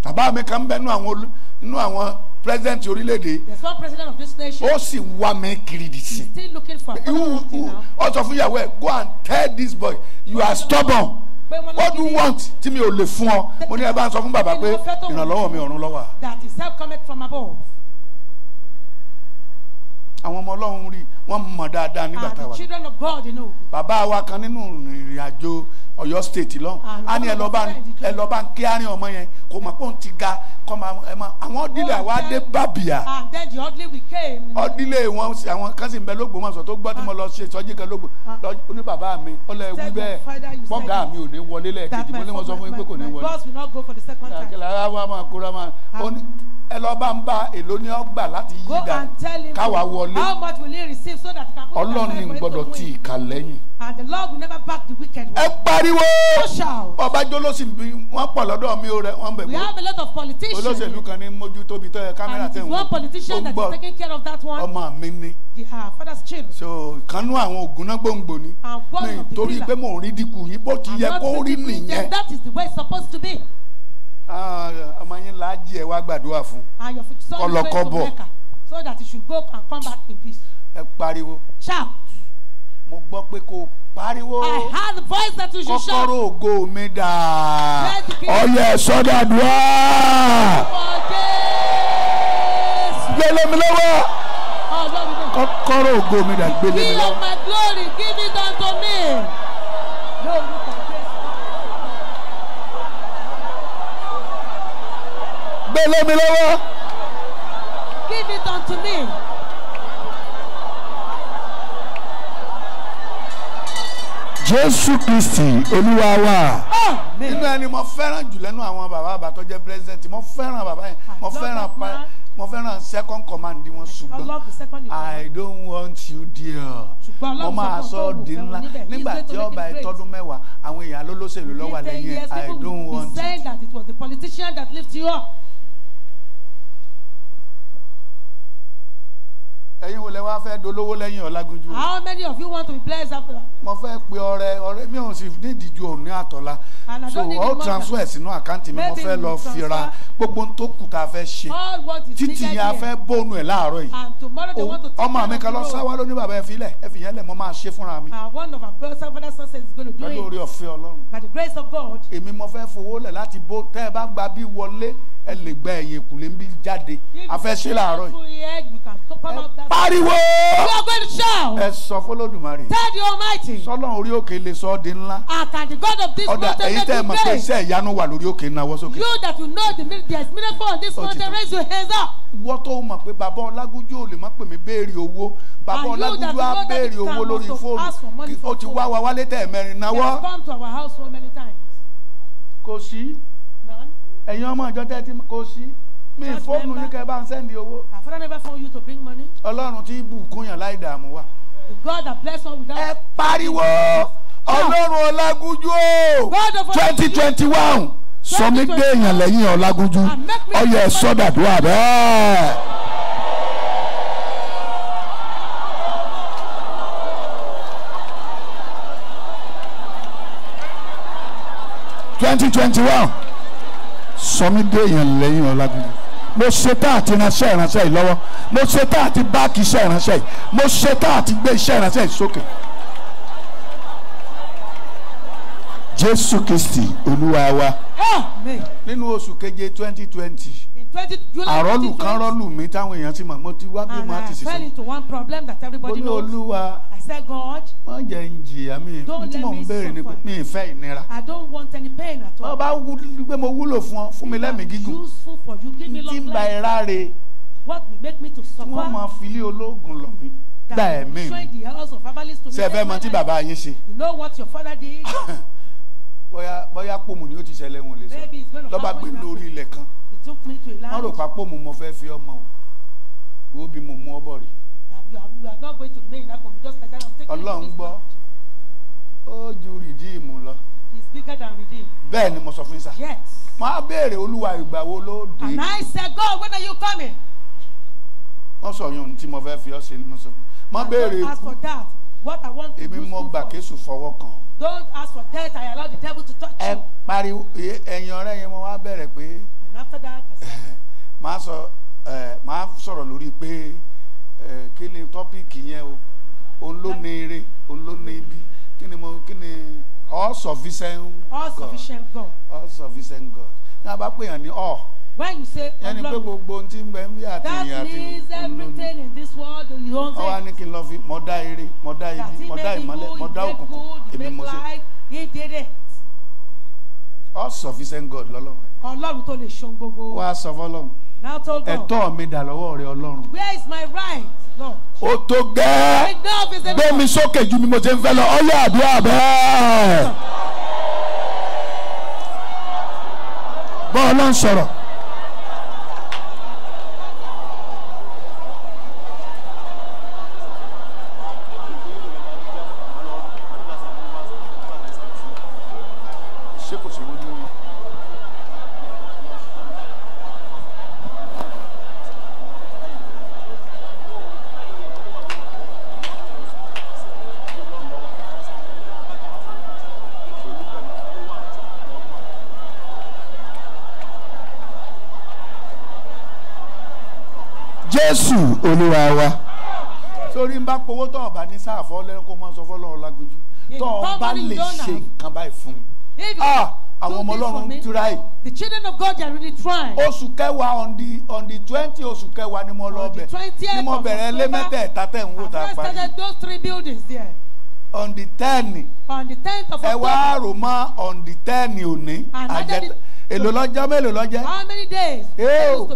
bàbá mi kan bẹ nínú àwọn president orílẹ̀-èdè ó sì wá mi kiri di si ó sọ fún ìyàwó ẹ go and tell this boy you are stubborn what do you want tí mi ò lè fún ọ mo ní ẹ bá ń sọ fún bàbá pé ìrànlọ́wọ́ mi ọ̀run lọ́wọ́. that is help coming from above àwọn ọmọ ọlọ́run rí wọ́n mọ̀ dáadáa nígbà tá a wà. children of God you know. bàbá wa kan nínú ìrìn àjò Ọ̀yọ́ state lọ ah, a ní ẹ lọ bá ń kí àárín ọmọ yẹn kò mọ̀ pé òun ti ga kọ ma ẹ ma àwọn ọdílé àwa dé bàbíà ah, ọdílé wọn àwọn kan sì ń bẹ l'Ógbómọ̀ṣọ́ tó gbọ́ tí mo lọ ṣe sọjí kan lógbò ah. ní bàbá mi ọlọ ewu bẹ́ẹ̀ bọ́gà mi ò ní wọlé lẹ́ẹ̀kejì mo ní wọn sọ fún yín pé kò ní wọlé ẹ lọ bá ń bá èlò ní ọgbà láti yí dà káwa wọlé ọlọ́run ní gbọ́dọ̀ tí ì kà lẹ́yìn. and the lord will never back the wicked one. ẹ pariwo ọbàjọ́ olóṣì bí wọ́n pọ̀ lọ́dọ̀ mi ó rẹ wọ́n bẹ̀ bọ́. we have a lot of politicians. olóṣèlú kan ní mójútó bí tọ́yẹ kámẹ́rà tẹ̀ wọ́n. and one politician that taking care of that one. ọmọ mi ni. her father's so ìkànnú àwọn ògùn náà gbòǹgbò ni. and one of the pillar. torí pé mò rí dínkù yín bó ti yẹ kó rí nìyẹn. that is the way it's supposed to be. Ah, ọmọ yín láàjì ẹ wá gbàdúrà fún ah, kọlọkọ bọ so that you should go and come back in peace. ẹ pariwo. shout. mo gbọ́ pé kò pariwo. I heard the voice that you should shout. kọ́kọ́rọ́ ògo mi dà. ọyẹ sọ́dà dùá. gbélé mi lọ́wọ́. kọ́kọ́rọ́ ògo mi dà gbélé mi lọ́wọ́. give up my glory give it unto me. Glory. olómi lọ́wọ́. Give it unto me. Jésù Kristi Olúwa wa. Nínú ẹni mo fẹ́ràn jù lẹ́nu àwọn bàbá bàbá tó jẹ́ president mo fẹ́ràn bàbá yẹn mo fẹ́ràn pa mo fẹ́ràn second command wọn ṣùgbọ́n I don't want you dear mo máa sọ di ńlá nígbà tí ọba ìtọ́dún mẹ́wàá àwọn èèyàn lólóṣèlú lọ́wọ́ lẹ́yìn I don't want you. ẹ̀yin wo lẹ wá fẹ́ dolówó lẹ́yìn Ọlágúnjú. how many of you want to be blessed after. mo fẹ́ pe ọrẹ ọrẹ mi ò sì nídìí ju òní àtọ̀la so all transfer sínú àkáǹtì mi mo fẹ́ lọ fi ra gbogbo tó kù tá a fẹ́ ṣe títì yẹn a fẹ́ bónú ẹ̀ láàárọ̀ yìí ọmọ mi kan lọ sáwá lóní bàbá ẹ fi lẹ̀ ẹ fi yẹn lẹ̀ mo máa ṣe fúnra mi. one of our brothers father success is going to do it. pẹ̀lú orí ọ̀fẹ́ Ọlọ́run. by the grace of God. èmi mo fẹ́ fowó lẹ̀ láti bó tẹ́ ẹ bá gba bí wọlé ẹ lè gba ẹ̀yìn ìkùlé ń bí jáde a fẹ́ ṣe láàárọ̀ yìí pariwo. you are going to shout. ẹ sọ fọlọ́dùmarè. tell the almighty. sọlọ́run orí òkè lè sọ ọ́ di ńlá. and the god of this Oda, mountain make you pray. ọ̀dà èyí tẹ́ mọ̀ pé iṣẹ́ ìyanu wà lórí òkè náwó sókè. you that you know the there is miracle on this mountain raise your hands up. wọ́n tó mọ̀ pé bàbá ọlágúnjú ò lè má pè mí béèrè owó bàbá ọlágúnjú á béèrè owó lórí fóònù ó ti wá wa wálé tẹ̀ mẹ́rin náwó. ọmọ ìjọ tẹ́ ti kò sí mi fóònù yín kẹ́ bá ń sẹ́ndì owó. my father never phone you to bring money. ọlọ́run tí bùkún yàn láì dààmú wa. God that bless us without. ẹ pariwo ah! ọlọ́run ọlágúnjú o twenty twenty one sọmi gbé èèyàn lẹ́yìn ọlágúnjú ah, ọyọ sọdàdúrà bẹ́ẹ̀. twenty twenty one sọmi gbé èèyàn lẹ́yìn ọlágúnjú mo ṣetán àti ránṣẹ́ ìránṣẹ́ yìí lọ́wọ́ mo ṣetán àti báàkì iṣẹ́ ìránṣẹ́ yìí mo ṣetán àti gbé iṣẹ́ ìránṣẹ́ yìí sókè. Jésù Kristi Olúwa wa nínú oṣù keje twenty twenty àrọ́lù rọ́lù mi táwọn èèyàn ti mọ̀ mo ti wá bí mo ti sì sọ. and I fell into one problem that everybody knows. olúwa I said God. má jẹ́ ń jìyà mi tí mò ń béèrè ni pé mi ì fẹ́ ìnira. I don't want any pain at all. ọba pé mo wúlò fún ọ fún mi lẹ́mìí gígùn. useful for you give me long life. ń ba ẹ ráre. what make me to suffer. wọ́n máa fi ilé ológun lọ mi gba ẹ̀mí ṣe mọ tí bàbá yín ṣe. you know what your father did. *laughs* bóyá bóyá pòmù ni ó ti ṣẹlẹ̀ wọn lè sọ lọ́ba gbé lórí ilẹ̀ kan took me to a land. wọ́n rò papò mu mo fẹ́ fi ọmọ o wo bí mo mú ọ bọ̀ rí. ọlọ́run gbọ́ ó ju rìdíìmù lọ. is bigger than redeem. bẹ́ẹ̀ ni mo sọ fún yín sá. yes. mo á béèrè olúwa ìgbà wo ló dé. and I said God when are you coming. wọ́n sọ yun tí mo fẹ́ fi ọ́ ṣe ni mo sọ. mo béèrè ikú. I don't ask for that what I want to do. èmi mo gbà kéṣù fọwọ́ kan. don't ask for death I allow the devil to touch you. ẹ pariwo ẹ̀yin ọ̀rẹ́ yẹn mo wá bẹ̀rẹ̀ pé after that assembly. màá sọ lórí pé kí ni tọ́píìkì yẹn o olóníire olóníbi kí ni mo kí ni all sufficient God all sufficient God ní a bá pè yàn ní all. when you say ọlọ́run ẹni pé gbogbo ohun tí ń bẹ ń bí àti ìyìn àti that means everything in this world you don't say. ọwọ́ ni kí n lọ fi mọ dá eré mọ dá ibi mọ dá ìmọ́lẹ̀ mọ dá òkùnkùn èmi mo ṣe. he did it all sufficient God lọ́lọ́run. ọlọ́run tó lè ṣohun gbogbo. wá sọ fọlọ́run. now tell God. ẹ̀tọ́ mi dà lọ́wọ́ rẹ ọlọ́run. where is my right? Lord. o tó gẹ́ gbé mi sókè ju mi mo ṣe ń fẹ́ lọ ọlọ́ àdúrà bẹ́ẹ̀. bọ́ọ̀lọ́ ń sọ̀rọ̀. jésù olúwa wa. sórí ń bá powó tó ọba ní sáàfọ lẹ́nu kó máa sọ fọlọ́run lágbójú tó ọba lè ṣe nǹkan báyìí fún mi ah, àwọn ọmọ ọlọ́run try. the children of God are really trying. oṣù kẹwàá on the on the twenty oṣù kẹwàá ni mo lọ bẹ ni mo bẹ̀rẹ̀ lẹ́mẹ̀tẹ̀ẹ̀ta tẹ̀ ń wò tá a parí. I first started those three buildings there on the ten. on the tenth of October. ẹ wá rò mọ́ on the ten òní. another èlò lọ́jọ́ mélòó lọ́jẹ́. how many days. ee o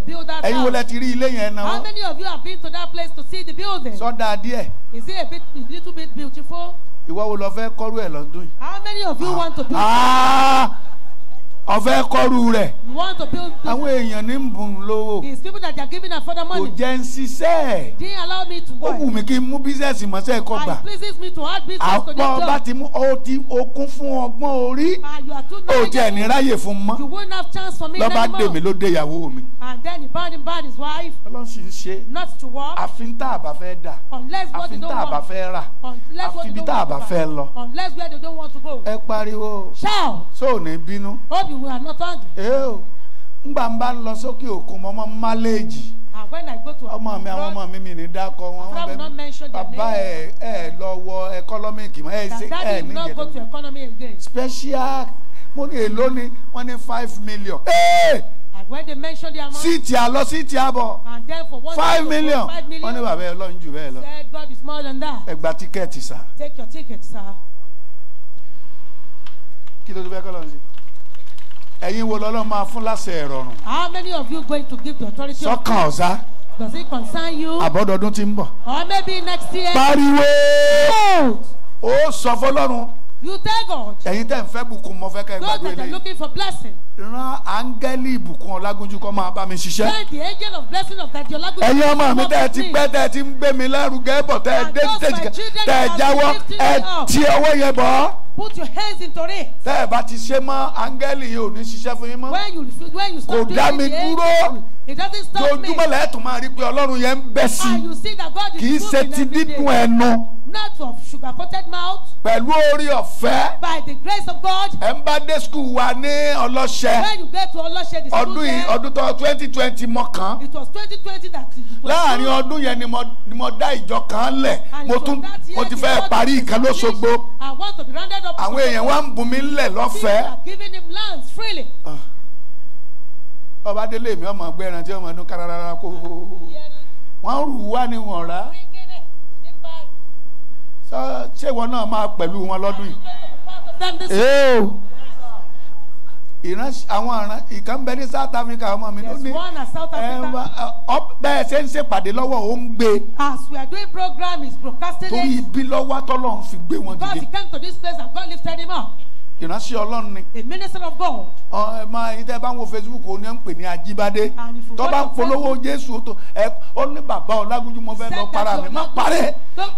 ẹ̀yin wo lẹ ti rí ilé yẹn náà. how many of you have been to that place to see the building. sọ́dà díẹ̀. is it a bit a little bit beautiful. ìwọ wo lọ fẹ́ kọ́rú ẹ̀ lọ́dún yìí. how many of you want to do ọ̀fẹ́ kọ́rù rẹ̀. you want to build people. àwọn èèyàn ní bùn lówó. it's people that are giving them further money. kò jẹ́ ń ṣiṣẹ́. didn't allow me to work. ó wù mí kí n mú bísẹ̀sì mọ́sẹ̀ kọ́ gbà. and it pleases me to add business to the job. àpọ̀ bá ti mú o ti okun fún ọgbọ́n orí. and ah, you are too knowledgeable. o jẹ́ ní fún mọ́. you won't have chance for me anymore. lọ́ba dèmi ló dé ìyàwó mi. and then he bound him bound his wife. ọlọ́run sì ń ṣe. not to work. àfin tá a bá fẹ́ dà. unless what they don't want. àfin tá a bá fẹ́ rà. unless what they don't want. àfi bí tá a don't want to go. ẹ pariwo. shout you were not hungry. ee eh, ngbà ń bá lọ sókè òkun mọ́ mọ́ máléèjì. and ah, when I go to ọmọ mi àwọn ọmọ mi mi ní dákọ wọn. I have not their name. bàbá ẹ ẹ lọ wọ economic mọ ẹ ṣe ẹ níjẹ. that daddy will go to economy again. special mo ní èlò ni wọ́n ní five million. Hey! Eh! Ah, when they mention their money, síìtì àlọ síìtì àbọ̀. and then for one five million five million. wọ́n ní bàbá ẹ lọ́n jù bẹ́ẹ̀ lọ. said God is more than that. ẹ gba tíkẹ́ẹ̀tì sá. take your ticket sir. kí ló dé bẹ́ẹ̀ kọ́ lọ́n sí ẹ̀yin wo lọ́lọ́ máa fún láṣẹ ìrọ̀rùn. how many of you going to give the authority. So ọ̀sá. does it concern you. àbọ̀dọ̀dún ti ń bọ̀. or maybe next year. pariwo. ó sọ fọlọ́run. you tell God. ẹ̀yin tẹ̀ ń fẹ́ bùkún mo fẹ́ kẹ́ gbàgbé lẹ́yìn. those that are looking for blessing. ran áńgẹ́lì ìbùkún ọlágúnjú kó máa bá mi ṣiṣẹ́. send the angel of blessing of that ọlágúnjú. ẹ̀yin ọmọ mi tẹ́ ẹ ti pẹ́ tẹ́ ẹ ti ń gbé mi lárugẹ bọ̀ tẹ́ ẹ dé tẹ́ ẹ jáwọ́ ẹ ti ọwọ́ yẹn bọ̀ put your hands into it. tẹ́ ẹ bá ti ṣe mọ́ áńgẹ́lì yìí ò ní ṣiṣẹ́ fún yín mọ́. when you when you stop doing it. kò dá mi dúró. it doesn't stop me. lójúmọ́ lẹ́ẹ̀tún máa rí pé ọlọ́run yẹn ń bẹ́ sí and you see that God is moving every day. kì í ṣe ti dídùn ẹnu. not of sugar coated mouth. pẹ̀lú orí ọ̀fẹ́. by the grace of God. ẹ ń bá dé school wa ní ọlọ́ṣẹ́. when you get to ọlọ́ṣẹ́ the school ọdún yìí ọdún tó twenty twenty mọ it was twenty twenty that it was. láàrin ọdún yẹn ni mo dá ìjọ kan lẹ̀ mo tún mo ti fẹ́ parí ìkàlóṣogbo. and one to be rounded àwọn èèyàn wa ń bùn mí lẹ̀ lọ́fẹ̀ẹ́ ah. ọba délé mi ọmọ ọgbẹ́ ẹran tí ọmọ ọdún kárárá kó wọ́n rù wá ní wọ̀n ṣé ìwọ náà máa pẹ̀lú wọn lọ́dún yìí. ìránṣẹ́ àwọn ìkan bẹ ní South Africa ọmọ mi ló ní bẹ́ẹ̀ ṣe ń ṣèpàdé lọ́wọ́ ó ń gbé. as we are doing program is broadcasting. torí ibi lọ́wọ́ tọ́lọ́ ń fi gbé wọn dìde. God he came to this place and God lifted him up ìránṣẹ́ ọlọ́run ni. a minister of God. ọ ẹ máa yín tẹ bá ń wo facebook ó ní ń pè ní ajíbádé tó bá ń polówó jésù tó ẹ ó ní bàbá ọlágúnjú mo fẹ́ lọ para mi má parẹ́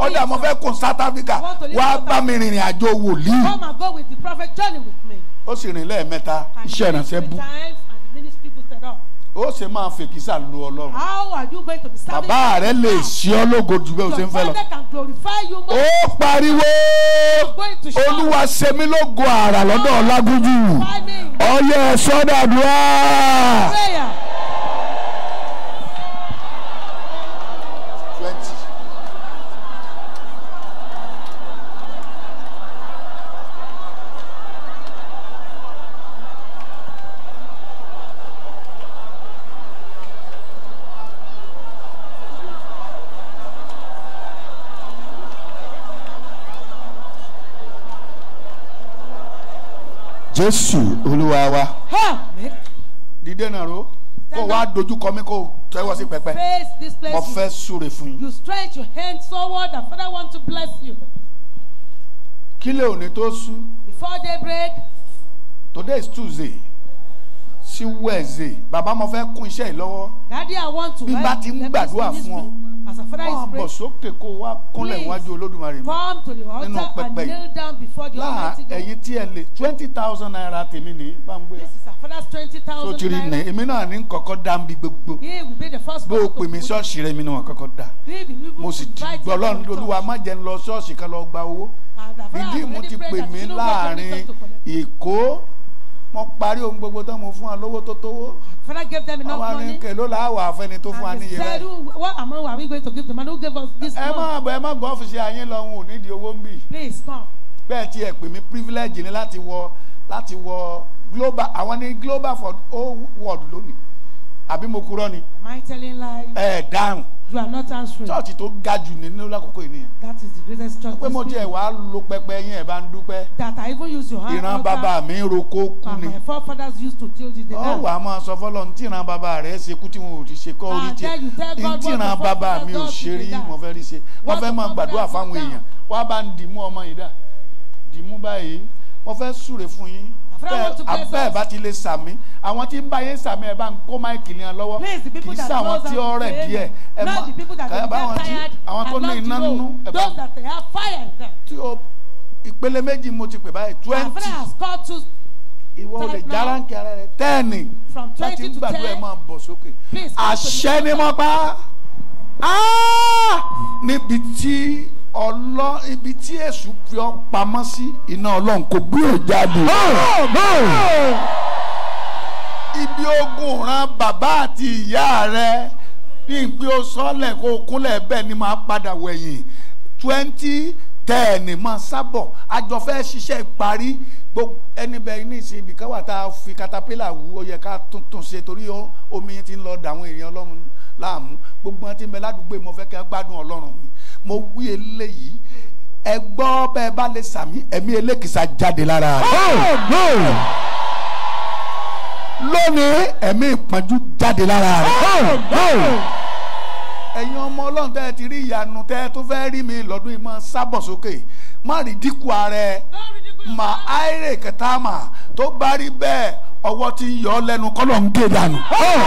ọ̀dà mo fẹ́ kún south africa wá bá mi rìnrìn àjò wòlíì. come and go with the prophet journey with me. ó sì rìn lẹ́ẹ̀mẹ́ta iṣẹ́ ìránṣẹ́ bú. and the ministry boosted up ó ṣe máa fèkísà lu ọlọ́run. how are you going to be serving. bàbá rẹ lè ṣe ọ́ lógo jù bẹ́ẹ̀ o ṣe ń fẹ́ lọ. father can glorify you more. ó pariwo olúwa ṣe mí lógo àrà lọ́dọ̀ ọlágúnjú ọyẹ sọ́dọ̀ àdúrà. jésù olúwa wa. dídé náà ro kó wá dojú kọ mí kó tẹ́wọ́ sí pẹpẹ mo fẹ́ súre fún yín. you stretch your hand forward and father want to bless you. òní tó sú. before day today is tuesday sí wednesday bàbá mo fẹ́ kún iṣẹ́ yìí lọ́wọ́. daddy i want to bí n bá ti ń gbàdúrà fún ọ as a father is praying. come to the altar no, and kneel down before the almighty God. láà ẹ̀yin tí ẹ lè twenty thousand naira tèmi ní this is our father's twenty thousand naira. so ti rí nẹ èmi náà ní kọ́kọ́ dá mi gbogbo. he will be the first one to put. bó o pè mí ṣọ́ọ̀ṣì rẹ mi náà kọ́kọ́ dá. mo sì ti gbọ́ lọ́run olúwa má ń lọ ṣọ́ọ̀ṣì kan lọ gba owó. ìdí mo ti pè mí láàrin ìkó mo parí ohun gbogbo tán mo fún wa lówó tó tówó. father gave them enough money. àwọn arìnkè ló la wà fẹ́ni tó fún wa níye and he said what amount are we going to give them? man who gave us this money. ẹ má bọ ẹ má gbọ́ ọ́fíìsì ayé lọ òun ò nídìí owó ń bì. please come. bẹ́ẹ̀ tí ẹ pè mí privilege ni láti wọ láti wọ global àwọn ní global for all oh, world lónìí àbí mo kúrọ́ ni. am I telling lie. ẹ ẹ dáhùn. you are not answering. church tó ga jù nínú lákòókò yìí nìyẹn. that is the greatest church. pé mo jẹ́ wàá lo pẹpẹ yín ẹ̀ bá ń dúpẹ́. that I even use your hand. ìran bàbá mi roko kú ah, ni. my forefathers used to tell you the name. ọ̀wọ́ a máa sọ fọlọ́ ní tíran bàbá rẹ̀ ṣe kú tí wọn ò ti ṣe kọ́ orí ah, tiẹ̀ ní tíran bàbá mi ò ṣe rí mo fẹ́ rí ṣe mo fẹ́ máa gbàdúrà fáwọn èèyàn wọ́n á bá ń dìímú ọmọ yìí dà dìímú báyìí wọ́n fẹ́ súre fún yín abẹ́ ẹ̀ bá ti lè sàmí àwọn tí ń bá yín sàmí ẹ̀ bá ń kó máìkì ní ọ lọ́wọ́ kì í sá àwọn tí ọ rẹ̀ díẹ̀ ẹ̀ má kàyà bá àwọn tí àwọn tó ní iná nínú ẹ̀ bá tí o ìpele méjì mo ti pè báyìí twenty ìwọ ò lè járánkì ara rẹ tẹ́ẹ̀nì láti ń gbàdúrà ẹ̀ máa bọ̀ sókè àṣẹ ni mo pa ah! níbi tí ọlọ ibi tí èṣù fi ọ pamọ́ sí iná ọlọ́run kò gbé ọ e jáde. ibi ogun ran bàbá àti ìyá rẹ ní pé o kó o kúnlẹ̀ ni máa padà wẹ̀yìn twenty ten mọ sábọ̀ àjọ fẹ́ ṣiṣẹ́ parí gbogbo ẹni bẹ́ẹ̀ ní ìsìn ibì kan wà tá a fi katapila wú ó yẹ ká tuntun ṣe torí omi ti ń lọ dàwọn èèyàn ọlọ́run láàmú gbogbo wọn ti ń bẹ ládùúgbò mo fẹ́ kẹ́ gbádùn ọlọ́run mi mo wí eléyìí ẹ gbọ́ bẹ́ẹ̀ bá lè sàmí ẹ̀mí elékìsà jáde lára rẹ̀ oh, lónìí ẹ̀mí ìpọ́njú jáde lára rẹ̀ oh, ẹ̀yin ọmọ ọlọ́run tẹ́ ẹ ti rí ìyanu tẹ́ ẹ tó fẹ́ rí mi lọ́dún yìí máa sábọ̀ sókè má rí dínkù ara ẹ mà áìrè kẹta mà tó bá rí bẹ́ẹ̀ ọwọ́ ti ń yọ ọ lẹ́nu kọ́lọ̀ ń gé dànù. Oh,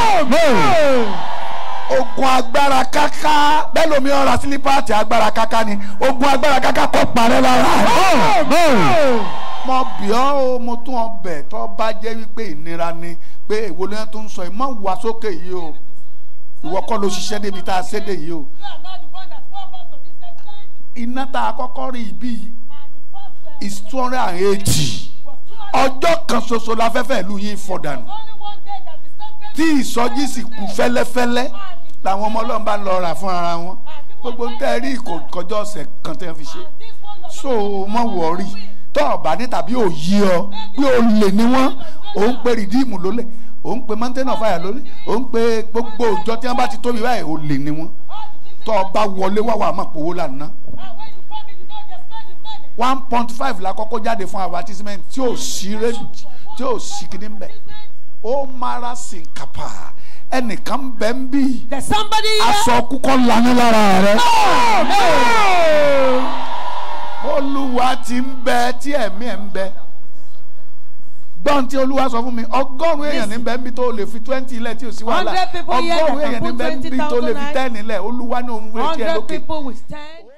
ogun agbára káká bẹ́ẹ̀ lomi ọ̀rá sílípàtì agbára káká ni ogun agbára káká kọ́ parẹ́ lára rẹ̀. mo bì ọ́ o mo tún ọbẹ̀ tó bá jẹ́ wípé ìnira ni pé èwo lóyún tó ń sọ yìí mọ̀ wá sókè yìí o ìwọ kọ́ ló ṣiṣẹ́ débi tá a ṣédè yìí o. iná tá a kọ́kọ́ rí ibi is two hundred and eighty ọjọ́ kan ṣoṣo la fẹ́fẹ́ ìlú yìí fọ̀dànù tí ìsọjí sì kú fẹ́lẹ́fẹ́lẹ́ làwọn ọmọ ọlọ́run bá lọ rà fún ara wọn gbogbo ń tẹ́ rí ìkọjọ́ ọ̀sẹ̀ kan tẹ́ fi ṣe so mọ̀ wọ̀ọ́rì tọ́ ọ̀bá ní tàbí òyì ọ pé o lè ní wọ́n ò ń pe rìdíìmù lólè ò ń pe mountain of fire lólè ò ń pe gbogbo òjọ tí wọ́n bá ti tóbi báyìí ò lè ní wọ́n tọ́ ọba wọlé wá wà má powó lànà one point five la kọ́kọ́ jáde fún advertisement tí ò sí range tí ò sí kíní mbẹ́ ó mara sin kapa ẹnìkan bẹ ń bí aṣọ kúkọ lanu lára rẹ. olúwa ti ń bẹ tí ẹ̀mí ẹ̀ ń bẹ gbọ́n tí olúwa sọ fún mi ọgọ́rùn-ún èèyàn ní bẹ́ẹ̀ bí tó lè fi twenty ilẹ̀ tí ò sí wàhálà ọgọ́rùn-ún èèyàn ní bẹ́ẹ̀ bí tó lè fi ten ilẹ̀ olúwa ní òun retí ẹ lókè.